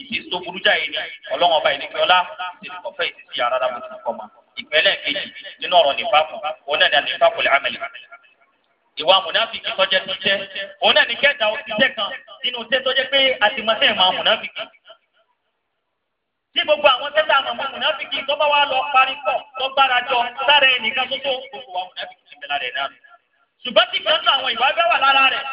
ìtẹ́sí tó burú jáì ni ọlọ́run ọba ìdíkẹ́ ọlá ìtẹ́sí kọ̀fẹ́ ìtẹ́sí ara rà bùtù kọ́ ma ìpínlẹ̀ kejì nínú ọ̀rọ̀ nífàkù òun náà ní nífàkù lè amẹ́lẹ̀ ìwà mùnáfíkì tọ́jẹ́ ti jẹ́ òun náà ní kẹta òṣìṣẹ́ kan nínú tẹ́ tọ́jẹ́ pé àtìmọ́tẹ́ ìmọ̀ mùnáfíkì tí gbogbo àwọn tẹ́tà àmọ́ mùnáfíkì tó bá wà lọ parí pọ̀ tó bára jọ sára tó tó gbogbo àwọn mùnáfíkì ti bẹ̀ náà ṣùgbọ́n tí kan tó àwọn ìwà bẹ́ wà lára rẹ̀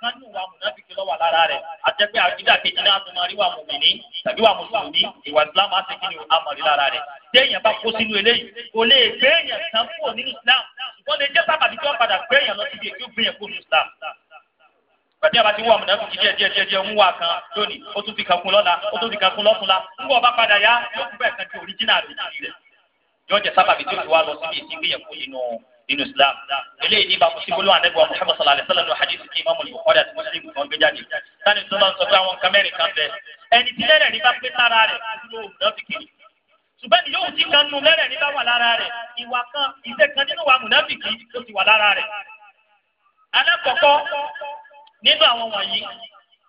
kánú wa mùnàfíkì lọ́wọ́ lára rẹ̀ àtẹ́gbẹ́ àkídà kejì náà tó máa rí wa mùmìnì tàbí wa mùsùlùmí ìwà ìsìlámù á ti kí ni àmọ̀rí lára rẹ̀ téèyàn bá kó sínú eléyìí kò lè gbé èèyàn kan kúrò nínú islam ṣùgbọ́n lè jẹ́ sábàbí tí wọ́n padà gbé èèyàn lọ síbi èkó gbé yẹn kúrò nínú islam gbàtí àbá ti wọ àmọ̀nà fún jíjẹ díẹ̀ díẹ̀ díẹ̀ ń wà kan lónìí ó tún fi kankun lọ́la ó tún fi kankun lọ́túnla ń wọ ọba padà yá yóò tún bẹ̀ẹ̀ kan ti oríjìnà rẹ̀ nínú islam eléyìí ní ìbámu sí gbólóhùn anagba muhammad sallallahu alayhi wa sallam ní hadith kí imaamu bukhari àti muslim kan gbé jáde sani tó lọ́n sọ pé àwọn nǹkan mẹ́rin kan bẹ ẹni tí lẹ́rẹ̀ nípa pé lára rẹ̀ dúró mùnáfíkì ṣùgbọ́n ni yóò ti kan nu lẹ́rẹ̀ nípa wà lára rẹ̀ ìwà kan ìṣe kan nínú wa mùnáfíkì ó ti wà lára rẹ̀ alákọ̀ọ́kọ́ nínú àwọn wọ̀nyí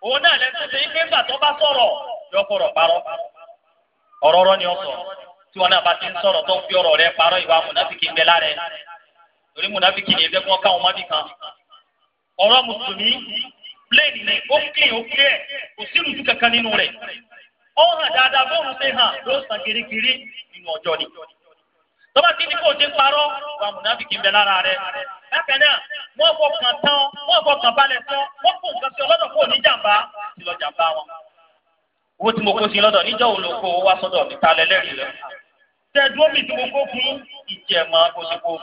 òun náà lẹ́sìn tó bá sọ̀rọ̀ yọkọ̀rọ̀ parọ́ ọ̀rọ̀ ọ̀rọ̀ bá sọ̀rọ̀ tó torí mùnàfíkì ni ẹgbẹ́ wọn káwọn mọ́bì kan ọ̀rọ̀ mùsùlùmí plẹ́ẹ̀nì ni ó kílẹ̀ ó kílẹ̀ kò sí ìrùjú kankan nínú rẹ̀ ó hàn dáadáa bóun ṣe hàn ló sàn kirikiri nínú ọjọ́ ni tọ́ba tí ní kò ṣe parọ́ wà mùnàfíkì ń bẹ lára rẹ̀ bákan náà wọ́n fọkàn tán wọ́n fọkàn balẹ̀ tán wọ́n kó nǹkan sí ọlọ́dọ̀ kó ní jàǹbá sí lọ jàǹbá wọn owó tí mo kó sí lọ́dọ̀ níjọ́ òun ló kó wá sọ́dọ̀ mi ta lẹ́lẹ́rìí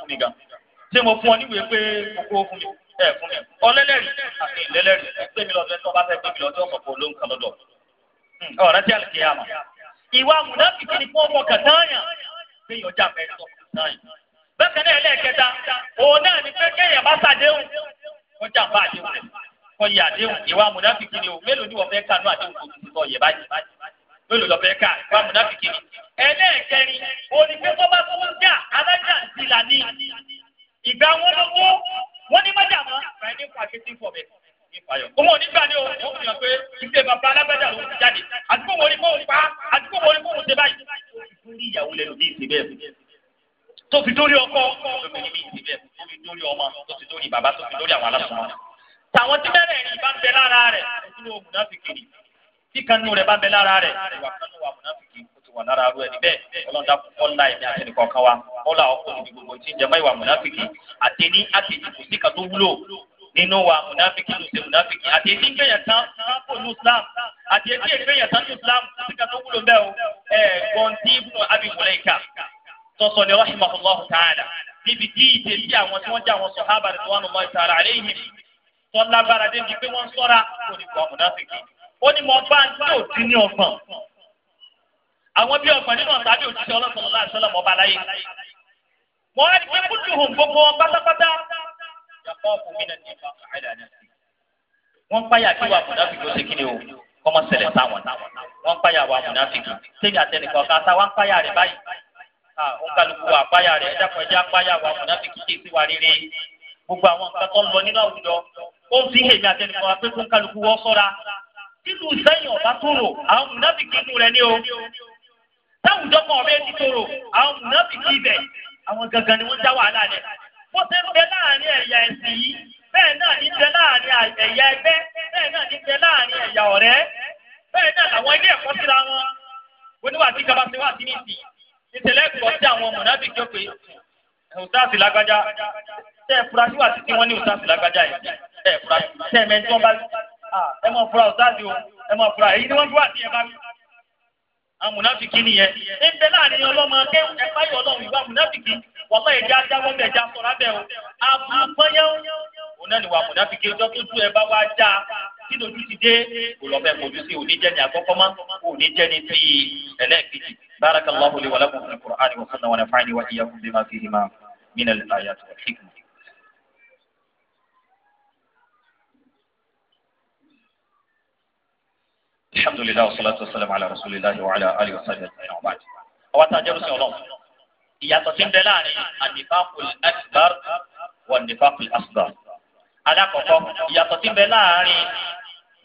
rẹ̀ ṣé mo fún ọ níwèé pé kókó fún mi ẹ fún mi ọlẹ́lẹ́rìí àti ìlẹ́lẹ́rìí pé mi lọ́dọ̀ ẹ̀tọ́ bá fẹ́ pé mi lọ́dọ̀ ọ̀sán kò ló ń kan lọ́dọ̀ hmm, ọ̀rẹ́ tí àlùkè yà mà. ìwà mùnáfíkì ni fún ọmọ kàtáyà pé ìyọjà mẹ́rin sọ kàtáyà. bẹ́ẹ̀ náà ẹlẹ́ẹ̀kẹta òun náà ni pé kéèyàn bá ṣàdéhùn wọ́n jàǹbá àdéhùn rẹ̀ wọ́n yẹ àdéhùn ìwà mùnáfíkì ni o mélòó ni wọ́n fẹ́ kánú àdéhùn tó ti sọ yẹ báyìí mélòó lọ fẹ́ ká ìwà mùnáfíkì ni. ẹlẹ́ẹ̀kẹrin òun ni pé tó bá tún ń jà alájà ìdílà ìgbà wọn ló kó wọn ní májàmá báyìí ní pàṣẹ tí ń fọ bẹ òun ò ní gbà ní o òun fi hàn pé iṣẹ́ bàbá alágbájá ló ti jáde àdúgbò wo ni kò ń pa àdúgbò wo ni kò ń ṣe báyìí. ó fi dórí ìyàwó lẹ́nu bí ìṣe bẹ́ẹ̀ tó fi dórí ọkọ lóbìnrin bí ìṣe bẹ́ẹ̀ tó fi dórí ọmọ tó fi dórí bàbá tó fi dórí àwọn alásùnmọ́ ti wà lára arú ẹni bẹ́ẹ̀ ọlọ́dà kọ́lá ẹ̀mí àtẹnìkọ̀ kan wa kọ́lá ọkọ̀ níbi gbogbo tí ń jẹ́ mẹ́wàá mùnáfíkì àtẹní àtẹjì kò sí kan tó wúlò nínú wa mùnáfíkì ló ṣe mùnáfíkì àtẹní gbẹ̀yàn tán kò ní Islam àtẹní gbẹ̀yàn tán ní Islam kò sí kan tó wúlò bẹ́ẹ̀ o ẹ̀ gbọ̀ntì ibùdó Abi Mulaika tọ́sọ̀ ní rahimahullahu ta'ala níbi tí ìdè sí àwọn tí wọ́n jẹ́ àwọn sọ̀hábà rẹ̀ tó wọ́n lọ́ọ́ ìtara àléhìn tọ́lágbára débi ó ní mo bá ń tí dín ní ọgbọ̀n àwọn bí ọgbọ̀n nínú ọ̀sán àbí òṣìṣẹ́ ọlọ́sọ̀rọ̀ láti sọ́lá mọ́ balaye. wọ́n á ní kúndùn hùn gbogbo wọn pátápátá. yàtọ̀ ọkùnrin náà ní ìfọ̀ àkàrà náà sí. wọ́n páyà kí wà fúnà fìgbó ṣe kíni o kọ́mọ ṣẹlẹ̀ táwọn. wọ́n páyà wà fúnà fìgbó sẹ́yìn àtẹnìkan kan táwọn ń páyà rẹ̀ báyìí. òun kálukú páyà rẹ̀ ẹ̀dàpọ̀ ẹ̀já páyà táwùjọ kan ọ̀bẹ ti tòrò àwọn mùnàfíkì ibẹ̀ àwọn gangan ni wọ́n dá wàhálà rẹ̀ bó ṣe ń bẹ láàrin ẹ̀yà ẹ̀sìn yìí bẹ́ẹ̀ náà ní bẹ láàrin ẹ̀yà ẹgbẹ́ bẹ́ẹ̀ náà ní bẹ láàrin ẹ̀yà ọ̀rẹ́ bẹ́ẹ̀ náà làwọn ilé ẹ̀kọ́ síra wọn oníwà tí kaba ṣe wà sí ní ìsìn ìtẹ̀lẹ́ ẹ̀kọ́ sí àwọn mùnàfíkì ọ̀pẹ ọ̀sáàsì lágbájá tẹ́ ẹ̀ fura síwà sí tí wọ́n ní ọ̀sáàsì lágbájá yìí ah, tẹ́ ẹ̀ fura tẹ́ ẹ̀ mẹ́tí wọ́n bá ẹ mọ̀ fura ọ̀sáàsì o ẹ mọ̀ fura èyí ni wọ́n fi wà sí ẹ bá mi amúnáfíkì nìyẹn ń bẹ láàrin ọlọ́mọ akẹ́ ẹ̀fá yọ ọlọ́run ìwà amúnáfíkì wàlá ẹ̀jẹ̀ ajáwọ́ bẹ̀ já sọ̀rọ̀ abẹ́ o àbúgbọ́yẹ́ òun náà ni wà amúnáfíkì ọjọ́ tó tú ẹ bá wá já kí lójú ti dé olùọ̀fẹ́ kojú sí oníjẹni àkọ́kọ́ mọ́ oníjẹni ti ẹlẹ́ẹ̀kejì barakallahu li wa lakum fil qur'ani alhamdulilayi wa salatu wa salam ala rasulilayi wa ala alihi wa sallam ẹ̀yìn ọ̀bá àti. àwa tá a jẹ́rú sí ọlọ́run ìyàtọ̀ tí ń bẹ láàrin anifakul akbar wa anifakul asghar. alákọ̀ọ́kọ́ ìyàtọ̀ tí ń bẹ láàrin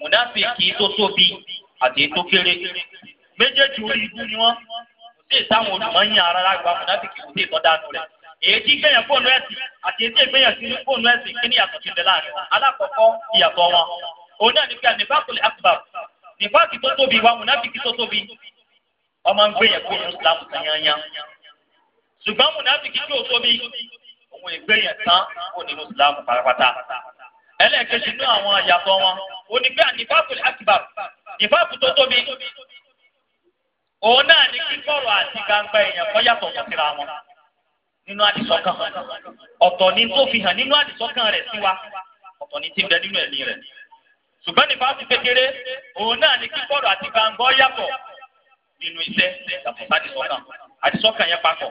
munafiki tó tóbi àti tó kéré méjèèjì orí ibú ni wọ́n kò sí ìtàwọn olùmọ̀yìn ara lágbà munafiki kò sí ìtọ́dáàdù rẹ̀ èyí tí gbẹ̀yàn fóònù ẹ̀sìn àti èyí tí gbẹ̀yàn sí fóònù ẹ̀sìn kí ni ìyàtọ̀ tí ń bẹ láàrin wọn òun náà nífàkì tó tóbi ìwà mùnáfíkì tó tóbi ọmọ ń gbé yẹn kó ní islam tanyanya ṣùgbọ́n mùnáfíkì tó tóbi òun ìgbé yẹn tán kó ní islam pátápátá ẹlẹ́ẹ̀kejì ní àwọn àyàtọ̀ wọn onígbẹ́ nífàkùl akbar nífàkù tó tóbi òun náà ní kíkọ̀rọ̀ àti gbangba èèyàn kọ́ yàtọ̀ síra wọn nínú àdìsọ́kàn ọ̀tọ̀ ní tó fi hàn nínú àdìsọ́kàn rẹ̀ sí wa ọ̀tọ̀ ní ti bẹ nínú ẹ̀mí rẹ̀ ṣùgbọ́n nípa ti kékeré òun náà ni kíkọ́rọ̀ àti gbàngọ́ yàtọ̀ nínú iṣẹ́ ìṣàkóso àdìsọ́kàn àdìsọ́kàn yẹn papọ̀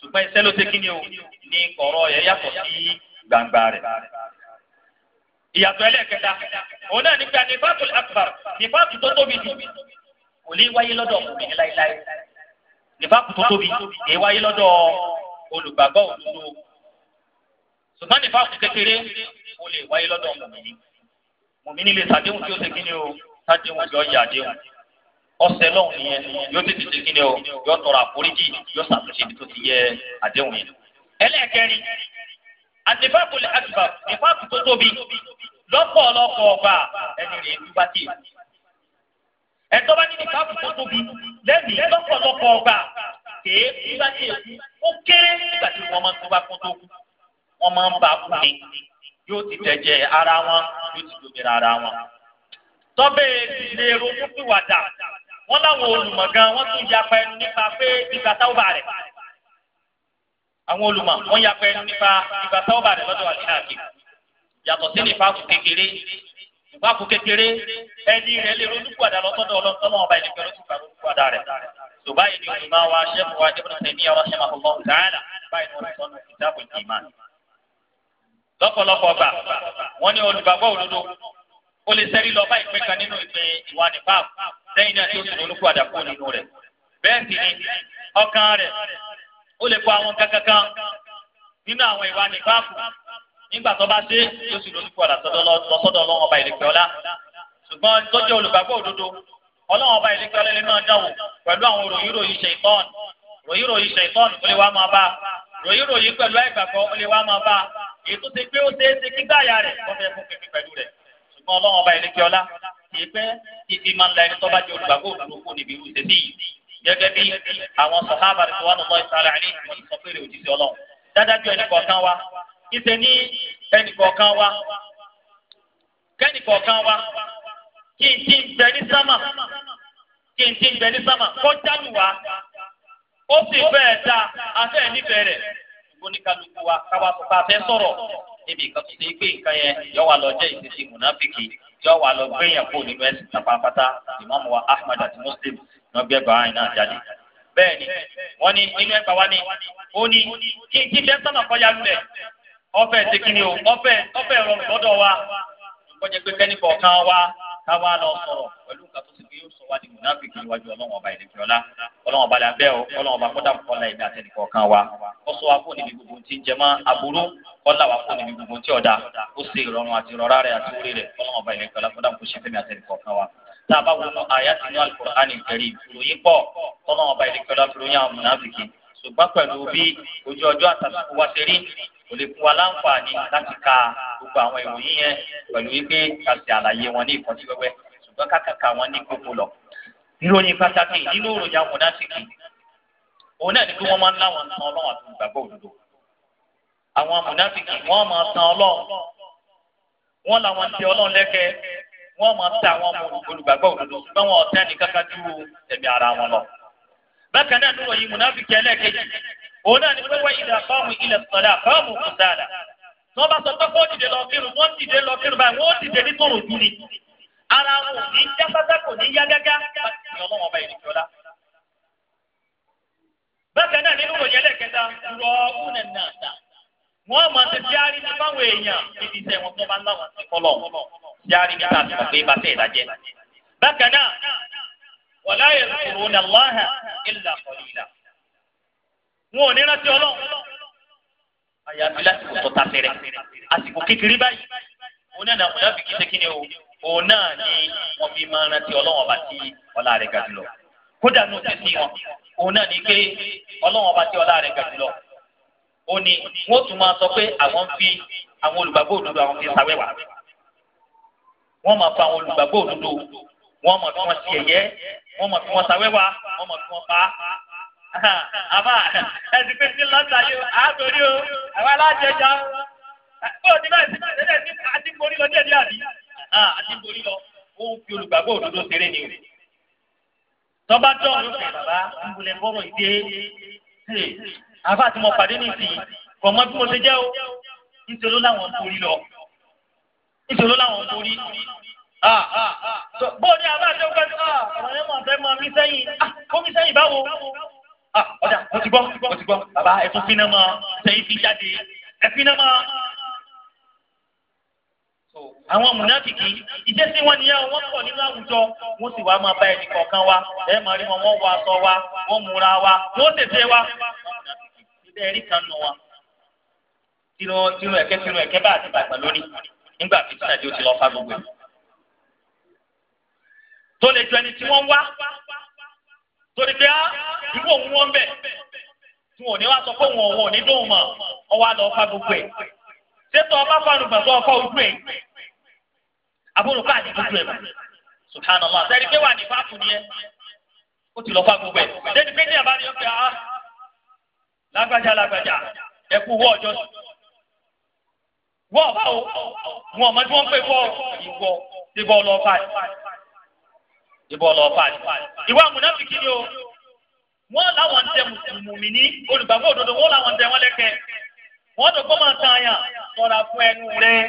ṣùgbọ́n iṣẹ́ ló ṣe kíni o ní kọ̀rọ̀ yẹn yàtọ̀ sí gbangba rẹ̀. ìyàtọ̀ ẹlẹ́ẹ̀kẹta òun náà ni pé ànífàtò akbar nífàtò tó tóbi jù kò lè wáyé lọ́dọ̀ mùmíní láéláé nífàtò tó tóbi èyí wáyé lọ́dọ̀ olùgbàgbọ́ òdodo ṣùgbọ́n nífàtò kékeré kò lè wáyé mùmíní lè sàdéhùn tí ó ṣe kíni o sàdéhùn yọ yà déhùn ọsẹ lọhùn nìyẹn yóò tètè ṣe kíni o yóò tọrọ àforíjì yóò ṣàtúnṣe ibi tó ti yẹ àdéhùn yẹn. ẹlẹ́ẹ̀kẹrin àtẹ̀fáàkùlẹ̀ àtìfà ìfáàkù tó tóbi lọ́pọ̀lọpọ̀ ọgbà ẹni rẹ̀ ń bá tiẹ̀. ẹ̀tọ́ bá ní ìfáàkù tó tóbi lẹ́mìí lọ́pọ̀lọpọ̀ ọgbà kéé ń bá tiẹ̀ kú ó kéré yóò ti tẹ̀jẹ̀ ara wọn yóò ti dòmìnira ara wọn. tọ́bẹ̀ ilé ronú pìwàdà wọ́n láwọn olùmọ̀gán wọ́n tún yapa ẹnu nípa pé ìgbà táwọ́bà rẹ̀. àwọn olùmọ̀ wọ́n yapa ẹnu nípa ìgbà táwọ́bà rẹ̀ lọ́dọ̀ àlìhàkì. yàtọ̀ sí nífàkù kékeré nífàkù kékeré ẹni rẹ̀ lè ronú pìwàdà lọ́sọ̀dọ̀ ọlọ́sọ́nà ọba ìdíkẹ́ ló ti gbà ronú pìwàdà rẹ̀. ṣùgbọ́n ìdí olùmọ̀ wa ṣẹ́fù wa ibùdó tẹ̀mí ọ̀rọ̀ ṣẹ́fù lọ́pọ̀lọpọ̀ gbà wọ́n ní olùgbàgbọ́ òdodo ó lè sẹ́rí lọ bá ìpín kan nínú ìpín ìwà nípa lẹ́yìn náà tí ó sì lólúkú àdàkù nínú rẹ̀ bẹ́ẹ̀ sì ni ọkàn rẹ̀ ó lè kó àwọn kankankan nínú àwọn ìwà nípa nígbà tó bá ṣe tí ó sì lólúkú àdàsọ́dọ̀ lọ́sọ́dọ̀ ọlọ́wọ́n ọba ìlẹ̀kẹ́ ọlá ṣùgbọ́n tó jẹ́ olùgbàgbọ́ òdodo ọlọ́wọ́n ọba ìlẹ̀kẹ́ ọlá lè máa dánwò pẹ̀lú àwọn èyí tó ti pé ó ṣe é ṣe kígbà àyà rẹ̀ wọ́n fẹ́ fún kẹ̀kẹ́ pẹ̀lú rẹ̀ ṣùgbọ́n ọlọ́run ọba ìlẹ́kẹ́ ọlá kì í pẹ́ ibi máa ń la ẹni tó bá jẹ́ olùgbàgbọ́ òdòdó kó níbi irú ìṣesí yìí gẹ́gẹ́ bí àwọn sọ̀hábà rẹ̀ tó wà nínú ìsàlẹ̀ àní ìsìn sọ pé rè òjì sí ọlọ́run wa ìṣe ní ẹnìkọ̀ọ̀kan wa kẹ́nìkọ̀ọ̀kan wa kí n ti bẹ ní sámà kí n ti bẹ ní sámà kọjá lù wá ó sì fẹ́ẹ̀ ta afẹ́ nífẹ̀ẹ́ rẹ̀ oníkàlùkù wa káwa tó bá fẹ́ sọ̀rọ̀ níbi ìkan tó ṣe pé nǹkan yẹn yọ wà lọ jẹ́ ìṣesí mùnáfíkì yọ wà lọ gbẹ̀yàn kó nínú ẹ̀sìn tapapata ìmáàmù wa Ahmad àti Muslim ní ọgbẹ́ bàáyìn náà jáde. bẹ́ẹ̀ni wọ́n ní inú ẹgbà wa ni ó ní kí kí bẹ́ẹ̀ sọ̀nà kọjá lulẹ̀ ọ̀fẹ́ ṣe kí ni o ọ̀fẹ́ ọ̀fẹ́ rọrùn lọ́dọ̀ wa nǹkan jẹ́ pé káwá lọ sọ̀rọ̀ pẹ̀lú nǹkan tó ti fi yóò sọ wá di mùnáfíkì níwájú ọlọ́wọ́n ọba ìlẹ̀kẹ́ ọlá ọlọ́wọ́n ọba làbẹ́ ọ ọlọ́wọ́n ọba kọ́dà kọ́lá ẹ̀mí àtẹnìkọ̀ kan wa ó sọ wá fún níbi gbogbo tí ń jẹ mọ́ aburú kọ́lá wa fún níbi gbogbo tí ọ̀dà ó ṣe ìrọ̀rùn àti ìrọ̀rá rẹ̀ àti orí rẹ̀ ọlọ́wọ́n ọba ìlẹ̀kẹ́ ọlá kọ́dà kó ṣe fẹ́mi àtẹnìkọ̀ a bá wo àyà sínú Al-Qur'an Al-Karim ìròyìn pọ̀ tọ́lọ́wọ́n ọba ṣùgbọ́n pẹ̀lú bí ojú ọjọ́ àtàkùn wa ṣe rí kò lè fún wa láǹfààní láti ka gbogbo àwọn ìròyìn yẹn pẹ̀lú wípé ká ṣe àlàyé wọn ní ìkọ́sí wẹ́wẹ́ ṣùgbọ́n ká kàkà wọn ní gbogbo lọ. ìròyìn pàtàkì nínú ìròyìn àwọn onáṣìkì òun náà ni pé wọ́n máa ń láwọn san ọlọ́run àti ìgbàgbọ́ òdodo. àwọn amúnáfìkì wọ́n máa san ọlọ́run wọ́n làwọn ti ọlọ́run lẹ́kẹ́ wọ́n máa ta àwọn olùgbàgbọ́ òdodo ṣùgbọ́n wọn ọ̀tẹ́ nìkan ká ju ẹ̀mí ara wọn lọ bákan náà nínú yìí mùnàfíkì ẹlẹ́ẹ̀kejì òun náà ní pé wọ́n ìdá fáwọn ilẹ̀ sọ̀dá fáwọn kùsàlà wọ́n bá sọ pé kó dìde lọ kírun wọ́n dìde lọ kírun báyìí wọ́n dìde ní tòrò jù ni ara wọn ò ní já sásá kò ní yá gágá láti fi ọlọ́wọ́n ọba ìrìn jọlá. bákan náà nínú ìròyìn ẹlẹ́ẹ̀kẹta rọ ọ̀hún náà ta wọ́n mọ̀ sí járí ní fáwọn èèyàn níbi iṣẹ́ wọn tó bá láwọn sí kọ́lọ̀ járí níta àti ọ̀gbẹ́ ìbáṣẹ́ ìdájẹ́. bákan náà wàlá yadhkuruna Allaha illa qalila. wọn ò ní rántí ọlọ́run àyàfi lásìkò tó tafẹ́rẹ́ àsìkò kékeré báyìí òun náà nàkúndà fi kíṣe kíni o òun náà ni wọ́n fi máa rántí ọlọ́run ọba tí ọlá rẹ̀ ga jùlọ kódà ní òfin sí wọn òun náà ni pé ọlọ́run ọba tí ọlá rẹ̀ ga jùlọ ó ní wọ́n tún máa sọ pé àwọn fi àwọn olùgbàgbọ́ òdodo àwọn fi sáwẹ́wà wọ́n máa fa àwọn olùgbàgbọ́ òdodo wọ́n mọ̀ tí wọ́n ti ẹ̀yẹ́ wọ́n mọ̀ tí wọ́n sawẹ́wà wọ́n mọ̀ tí wọ́n pa. àbá ẹ̀sìn pé ní lọ́sà yóò àádọ́rí o àwa alájẹjà o ní báyìí sí ẹ̀dẹ̀ sí àtìmórí lọ díẹ̀ díẹ̀ àbí àtìmórí lọ ó fi olùgbàgbọ́ òdodo ṣeré ni o. tọ́ba dọ́ọ̀ ló fẹ́ bàbá ń bulẹ̀ bọ́rọ̀ ìdè àbá tí mo pàdé nísìnyí kò mọ bí mo ṣe jẹ́ o nítorí láwọn ń borí lọ nítorí láwọn ń borí bóò ní àbá àjọ gbẹ́jú ah, ọ̀rọ̀ yẹn mọ̀ fẹ́ mọ mi sẹ́yìn ah, kó mi sẹ́yìn báwo. Ah, ọ̀dà mo ti gbọ́ mo ti gbọ́ bàbá ẹ tún fínà mọ́ sẹ́yìn fi jáde ẹ fínà mọ́. àwọn mùnáfìkì ìjẹ́sí wọn nìyẹn wọ́n pọ̀ nínú àwùjọ wọ́n sì wá máa bá ẹnì kọ̀ọ̀kan wa ẹ máa rí wọn wọ́n wọ aṣọ wa wọ́n múra wa wọ́n tètè wa. ilé ẹ̀rí kan nù wọn tinu ẹ̀kẹ́ tinu ẹ̀kẹ́ bá àti bàgbà lórí nígbà tí tó lè ju ẹni tí wọ́n wá torí pé á ah, ìwọ òun wọ́n bẹ̀ tí wọn ò ní wá sọ pé wọn wọn ò ní dóhùn mọ́ ọ wá lọ fa gbogbo ẹ̀ sétọ ọba fanu gbàgbọ́ ọkọ ojú ẹ̀ abúlùkọ àti gbogbo ẹ̀ subhanallah sẹ́ni pé wà ní fáfù ni ẹ ó ti lọ fa gbogbo ẹ̀ sẹ́ni pé ní àbáyọ pé á ah, lágbájá lágbájá ẹ kú wọ́ ọjọ́ wọ́ọ̀ bá o wọn pè fọ́ ìwọ ìbọn lọ́ọ́ báyìí ìbọn lọ fà ní. ìwà mùnàfíkì ni o wọ́n làwọn ń tẹ mùsùlùmí ní olùgbàgbọ́ òdodo wọ́n làwọn ń tẹ wọ́n lẹ́kẹ̀ẹ́ wọ́n tó kọ́ máa tan àyàn sọ̀rọ̀ fún ẹnu rẹ̀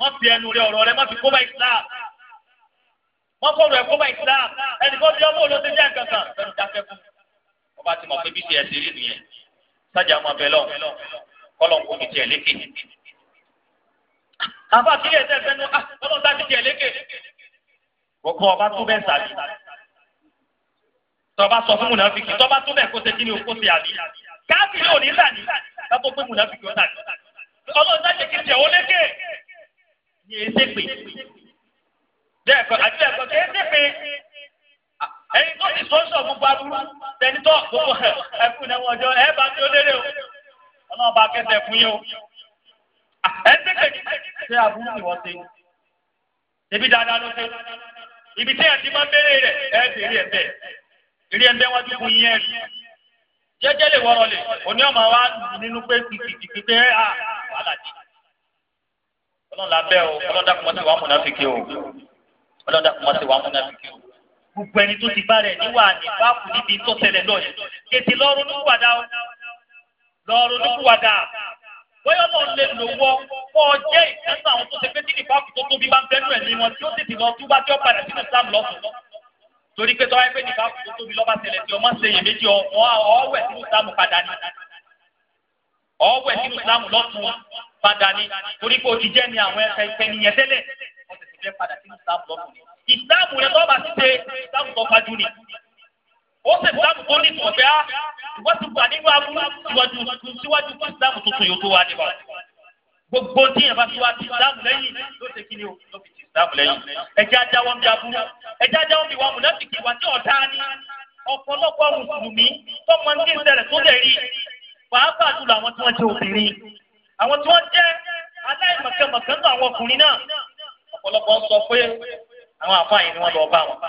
wọ́n fi ẹnu rẹ̀ ọ̀rọ̀ rẹ̀ wọ́n fi kóbá islam wọ́n fọ̀rọ̀ ẹ̀ kóbá islam ẹnì kan fi ọmọ olóṣè jẹ́ nǹkan kan fẹ́ẹ́ dákẹ́ fún ọba tí mo pé bí tiẹ̀ ṣe rí nìyẹn sájà ọmọ abẹ lọ́wọ́ kọ́lọ̀ ń kó mi tiẹ̀ lékè àbá àtúnyẹ̀ ẹ̀sẹ̀ fẹ́ẹ́ kọ̀ọ̀kan ọba tó bẹ́ẹ̀ sàbí tọba sọ fún munafiki tọba tó bẹ́ẹ̀ kó ṣe kíni o kó ṣe àbí káàkiri ò ní lànà kátó pé munafiki ó tàbí ọlọ́run sáṣẹ kí n jẹ́ ó lékè ní ẹsẹ̀ pé bẹ́ẹ̀ kọ́ àti bẹ́ẹ̀ kọ́ kí ẹsẹ̀ pé ẹni tó ti sọ́sọ̀ gbogbo aburú tẹni tó gbogbo ẹkùn náà wọ́n jọ ẹ bá tí ó lérè o ọlọ́run bá kẹsẹ̀ fún yín o ẹsẹ̀ pé ṣé aburú ni wọ́n ṣe ṣe dáadáa ló ṣe ibi tí ẹ ti máa bẹ̀rẹ̀ rẹ̀ ẹ ti rí ẹ̀bẹ̀ rí ẹ̀bẹ̀ wájú fún yín ẹ̀rí jẹ́jẹ́ lè wọ́rọ̀ lè òní ọmọ wa nínú pé kìkìkì pé à ah, wàhálà dì ọlọ́run la o ọlọ́run dàpọ̀ mọ́tì wàá múná fìkì o ọlọ́run dàpọ̀ mọ́tì wàá múná fìkì o gbogbo ẹni tó ti bá rẹ̀ níwà ní báàkù níbi tó ṣẹlẹ̀ lọ́yẹ̀ tètè lọ́rùn nípàdà lọ́rùn nípàdà bóyá náà lè lówó kó o jẹ́ ìtẹ́sán àwọn tó ṣe pé kíni báàkì tó tóbi bá ń bẹ́nu ẹ̀mí wọn tí ó tètè lọ túbá tí ó padà sínú Islam lọ́sọ̀ọ́ torí pé tọ́wá pé nìkan kò tóbi lọ́ba tẹ̀lẹ̀ tí ọmọ ṣe iyèméjì ọ̀ọ́wẹ̀ sínú Islam padà ni ọ̀ọ́wẹ̀ sínú Islam lọ́sùn padà ni torí pé o ti jẹ́ ni àwọn ẹ̀fẹ̀ nìyẹn tẹ́lẹ̀ wọ́n tẹ̀sí fẹ́ padà ni Islam rẹ̀ tọ́ba ó sì sáàmù tó ní ìtọ̀gbẹ́ á wọ́n ti gbà nínú abúlé síwájú síwájú kí sáàmù tuntun yóò tó wá dé wa gbogbo tí yẹn bá fi wá ti sáàmù lẹ́yìn ló ṣe kí ni o ló fi ti sáàmù lẹ́yìn ẹ̀jẹ̀ ajá wọn bí abúlé ẹ̀jẹ̀ ajá wọn bí wọn mùnàfíkì wà ní ọ̀tá ni ọ̀pọ̀lọpọ̀ mùsùlùmí tọ́mọ ní ìṣẹ̀lẹ̀ tó lè rí pàápàá jùlọ àwọn tí wọ́n jẹ́ obìnrin àwọn tí wọ́n jẹ́ aláìmọ̀kẹ́mọ̀kẹ́ náà àwọn ọkùnrin náà ọ̀pọ̀lọpọ̀ ń sọ pé àwọn àfáàyè ni wọ́n lọ bá wọn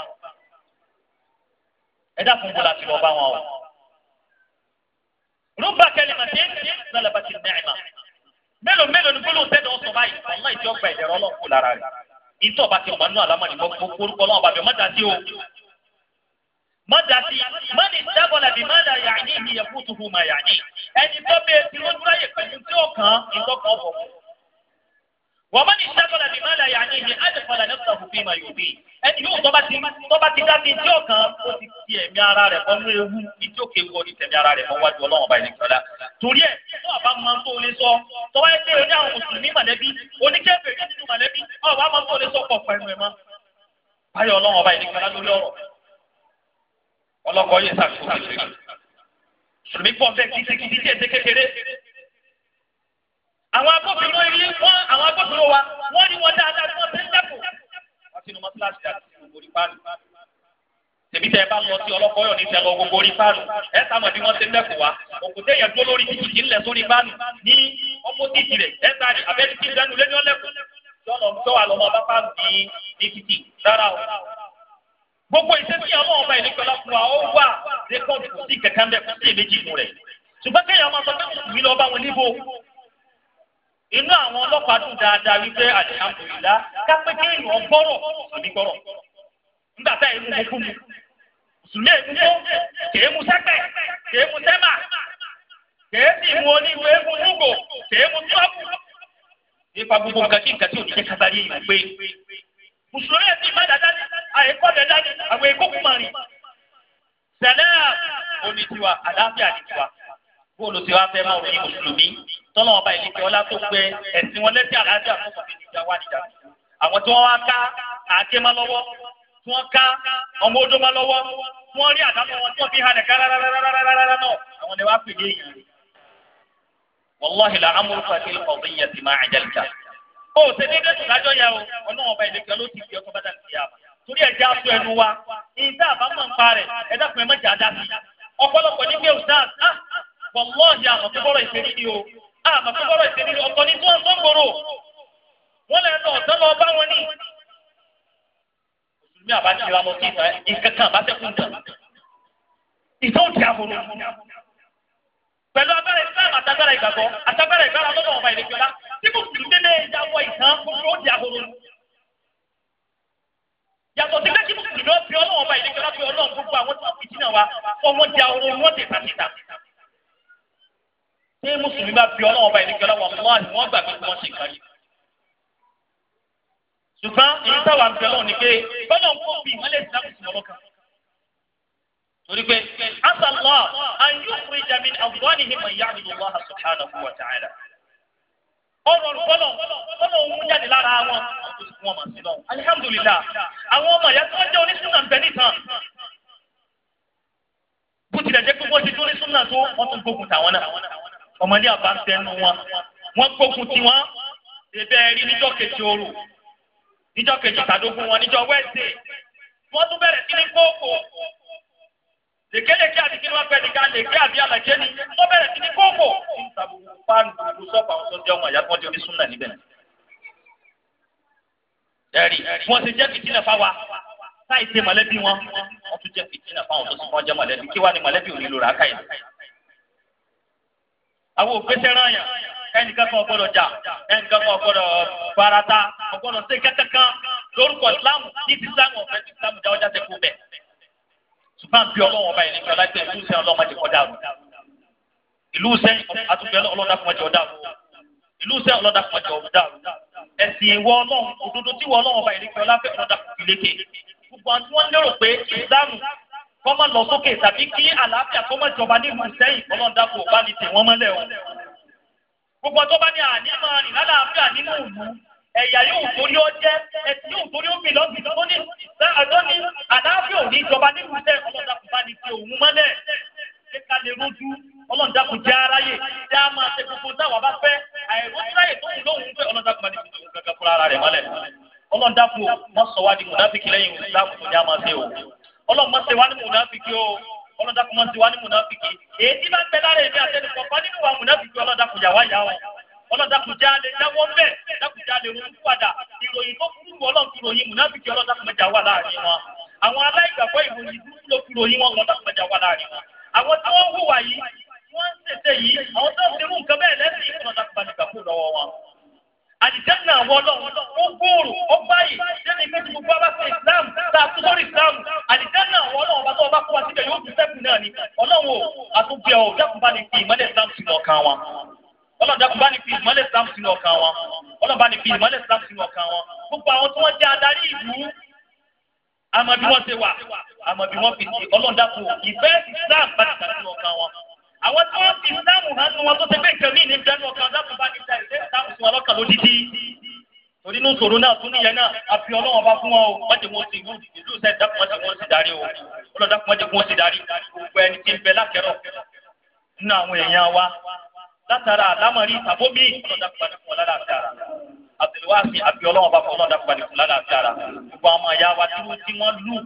ẹ dákun bó la ti lọ bá wọn o. rúbà kẹlẹ́mà tí lọ́lẹ́bà ti ní ẹ̀ma mélòó mélòó ni gbólóhùn tẹ́lẹ̀ ọ̀sán báyìí ọ̀nà ìjọ gba ìdẹ̀rọ̀ ọlọ́kùn lára rẹ̀ ìtọ́ bá ti ọ̀mà nú àlámà ní gbogbo orúkọ ọlọ́run bàbá má dá sí o má dá má ní dábọ̀lá bí má dá yàní ìyẹ̀kú tuhu má yàní ẹni tó bẹ́ẹ̀ tí ó wọ́n mọ̀ ní sábàlá bí máa láyà ní ibi àdìpalà ní sọ̀rọ̀ fún ìmọ̀ yòóbí ẹni yóò tọ́ba ti tọ́ba ti dá sí tí ó kan ó ti fi ẹ̀mí ara rẹ̀ fọ́ mú ewu ìdí òkè wọ ní tẹ̀mí ara rẹ̀ fọ́ wájú ọlọ́run ọba ìlẹ̀kọ́lá torí ẹ̀ tó àbá máa tó lè sọ tọ́wá ẹ pé o àwọn mùsùlùmí mọ̀lẹ́bí oníkẹ́fẹ́ nínú mọ̀lẹ́bí ọba àwọn agbófinró ilé wọn àwọn agbófinró wa wọn ni wọn dáadáa tí wọn ti ń dẹ́kun. wọn ti nu mọ kíláàsì àti gbogbo orí páànù. tèmi tẹ ẹ bá lọ sí ọlọ́kọ̀ ọ̀yọ́ ní tẹ̀lọ gbogbo orí páànù ẹ sáàmù bí wọ́n ti ń dẹ́kun wa òkú téèyàn dúró lórí títì kí ń lẹ̀ sórí páànù ní ọpọ́sìtì rẹ̀ ẹ sáré abẹ́rẹ́ tí ìdánù lé ní ọlẹ́kùn. yọ̀ọ̀ gbogbo ìsẹ́sí àwọn ọba ìlú pẹ̀lú ọkùnrin àwọn wà rékọ́dù kò sí kẹ̀kẹ́ ń bẹ̀ kò sí èméjì fún rẹ̀ ṣùgbọ́n kéèyàn máa sọ pé mi lọ bá wọn níbo inú àwọn ọlọ́pàá dùn dáadáa wípé àdìhàmùlá kápẹ́ kéèyàn gbọ́rọ̀ òní gbọ́rọ̀ nígbà tá èmu mokú mu mùsùlùmí èmu tó kèé mu sẹ́pẹ̀ kèé mu sẹ́mà kèé sì mu oníwèé mu múgò kèé mu tọ́pù nípa gbogbo nǹkan kí nǹkan tí òní jẹ́ kábàáyé yìí pé mùsùlùmí ẹ̀sìn má dáadáa ní àyíkọ́ bẹ̀ dání àwọn èkó kú màrì sẹ̀lẹ́ òní tiwa àlàáfíà ní tiwa bóòlù tiwa fẹ́ máa ròyìn mùsùlùmí tọ́lọ̀ ọba ìlíkẹ́ ọlá tó gbé ẹ̀sìn wọn lẹ́sìn àlàáfíà tó kò fi nìjà wá nìjà. àwọn tí wọ́n wá ká àáké má lọ́wọ́ tí wọ́n ká ọmọ odó má lọ́wọ́ tí wọ́n rí àdámọ́ wọn tí wọ́n fi halẹ̀ ká rárárárárá náà àwọn ni wọ́n pè ní èèyàn rẹ̀. wàláhi la amúrúkọ kí ọ̀bí yẹn ti máa àjálù ká. ó ṣe ní dẹ́sùn lájọ́ yẹ o ọlọ́run ọba ìlíkẹ́ ló ti fi ọkọ̀ bàtà Ah, àmọ́ tó bọ́rọ̀ ìṣèlú ọ̀pọ̀ ní tí wọ́n sọ gbòòrò wọ́n lè lọ ọ̀sán lọ bá wọn ní. mùsùlùmí àbájára lọ sí ìta ìkankan àbátẹ́kùn dàn ìtọ́ òdì àbòrò pẹ̀lú abẹ́rẹ́ islam àtagbára ìgbàgbọ́ àtagbára ìgbàra lọ́dọ̀ ọba ìrẹ́jọ́lá tí mùsùlùmí lè yàwọ̀ ìtàn gbogbo òdì àbòrò yàtọ̀ sí pé kí mùsùlùmí ọ̀bí ọlọ́wọ́ ọba ìrẹ́jọ́lá fi ọlọ́run gbogbo àwọn tó fi jìnnà wa ọmọdé àwọn ohun wọn ti tàbí tàbí tàbí ṣé mùsùlùmí bá fi ọlọ́wọ́ bá ìdíkẹ́ ọlọ́wọ́ mọ́ ni wọ́n gbà pé wọ́n ṣe kárí. ṣùgbọ́n èyí táwa ń bẹ lọ́wọ́ ni pé bọ́lá ń kó bí ìmọ̀lẹ́ ìsìlámù sí ọlọ́kà. torí pé asàlọ́ ayé òkúri jami àwùjọ ni ìyá àdúgbò wa subhanahu bó tilẹ̀ jẹ́ pé wọ́n ti tó oníṣúná tó wọ́n tún gbógun tàwọn náà ọmọdé àbá ń tẹnu wọn wọ́n gbógun ti wọn ṣèbẹ rí níjọ́ kejì òru níjọ́ kejì tàdógún wọn níjọ́ wẹẹsẹ wọ́n tún bẹ̀rẹ̀ sí ní kóòkò lèkélèké àti kí ni wọ́n pẹ nìkan lèké àbí àlàjẹ ni wọ́n bẹ̀rẹ̀ sí ní kóòkò ìtàbùkù fáànù ìlú sọpà àwọn tó jẹ ọmọ ìyá tí láì ṣe mọ̀lẹ́bí wọn wọ́n tún jẹ́ fìtínà fáwọn tó sì kọ́ jẹ́ mọ̀lẹ́bí kí wàá ní mọ̀lẹ́bí òní lóra káyìí. àwọn òpèsè rányà ẹnìkan kan ọgbọ́dọ̀ jà ẹnìkan kan ọgbọ́dọ̀ farata ọgbọ́dọ̀ ṣe kankan lórúkọ ìsìlámù ní ti sáàmù ọ̀fẹ́ ti sáàmù jáwọ́ jáde kú bẹ̀. ṣùgbọ́n bí ọlọ́wọ́n ọba ìrìnkì ọlájẹ ìlú sẹ́yìn ọlọ́mọ ti kọjá o ìlú sẹ́yìn àtúntò ọlọ́dà fún ọjọ́ ọ̀dà o ìlú o ìwọ òdodo tí kọ́ mọ̀ lọ sókè tàbí kí àlàáfíà kọ́ mọ̀ jọba nílùú sẹ́yìn ọlọ́dàpọ̀ bá ní tẹ̀ wọ́n mọ́lẹ̀ o. gbogbo tó bá ní àní máa rìn lálàáfíà nínú ìlú ẹ̀yà yóò torí ó jẹ́ ẹ̀sìn yóò torí ó bìlọ́ bìlọ́ tó ní ẹ̀dọ́ ní àlàáfíà ò ní jọba nílùú sẹ́yìn ọlọ́dàpọ̀ bá ní tẹ̀ òun mọ́lẹ̀ ṣé ká lè rójú ọlọ́dàpọ̀ jẹ́ aráyè jẹ́ á máa ṣe gbogbo ọlọ́mọ ṣe wá ní mùnàfíkì o ọlọ́dàkùn máa ń ṣe wá ní mùnàfíkì èyí tí máa ń bẹ lára èmi àtẹnu kọ̀ọ̀kan nínú wa mùnàfíkì ọlọ́dàkùn yà wá yà ọ́ ọlọ́dàkùn já lè jáwọ́ bẹ́ẹ̀ dàkùn já lè ronú padà ìròyìn tó kúrú ọlọ́run fi ròyìn mùnàfíkì ọlọ́dàkùn mẹ́ta wà láàrin wọn àwọn aláìgbàgbọ́ ìròyìn burúkú ló fi ròyìn wọn ọlọ́dàkùn mẹ́ta wà láàrin wọn àwọn tí wọ́n hùwà yìí wọ́n ń ṣèṣe yìí àwọn tó ń àdìjẹ́nà àwọn ọlọ́run ó gbòòrò ó báyìí lẹ́nu ìfẹ́ tí gbogbo ọba ṣe islam tá a tún lórí islam àdìjẹ́nà àwọn ọlọ́run ọba tó ọba kó wa síbẹ̀ yóò fi sẹ́kù náà ni ọlọ́run ò àtúnbí ọ̀ dákùnbá ni fi ìmọ́lẹ̀ islam sínú ọkàn wọn ọlọ́run dákùnbá ni fi ìmọ́lẹ̀ islam sínú ọkàn wọn ọlọ́run bá ni fi ìmọ́lẹ̀ islam sínú ọkàn wọn gbogbo àwọn tí wọ́n jẹ́ adarí ìlú àmọ́ bí wọ́n ṣe wà àmọ́ bí wọ́n fi ọlọ́run dákùn ìfẹ́ islam bá ti dà sínú wọn àwọn tí wọ́n fi ìsìláàmù hàn nínú wọn tó ti gbé nǹkan mí ní bẹ́ẹ̀ lọ́kàn dákun bá ní ìjà ìdẹ́ ìsìláàmù sí wọn lọ́kàn lódìdí torí inú sòrò náà tún níyẹn náà a fi ọlọ́wọ́n bá fún wọn o wọ́n ti wọ́n ti ìlú sẹ́ dákun wọ́n ti darí o ọlọ́ dákun wọ́n ti wọ́n ti darí gbogbo ẹni tí ń bẹ lákẹ́rọ̀ nínú àwọn èèyàn wa látara àlámọ̀rí tàbómi ọlọ́ dákun wọ́n ti wọ́n lára àtàrà àbẹ̀lẹ́wàsí àbí ọlọ́wọ́n bá fún ọlọ́ dákun wọ́n ti wọ́n lára àtàrà gbogbo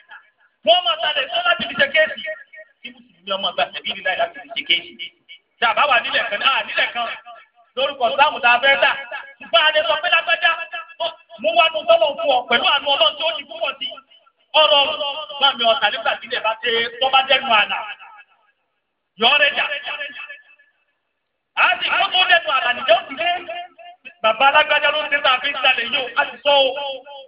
wọ́n máa talẹ̀ sọ láti fi ṣe kéèsì kí mùsùlùmí ọmọ ìgbà tẹ̀bí ìlà láti fi ṣe kéèsì tí a bá wà nílẹ̀ kan náà nílẹ̀ kan lórúkọ sáàmù tá a fẹ́ dà ṣùgbọ́n adé sọ pé lágbájá mo wá nu tọ́lọ̀ fún ọ pẹ̀lú àánú ọlọ́run tí ó ti púpọ̀ sí ọ̀rọ̀ mami ọ̀tà nígbà tí ilẹ̀ bá ṣe tó bá dẹnu àná yọ̀ọ́rẹ́jà á sì kó tó dẹnu àná nìjọ́ sí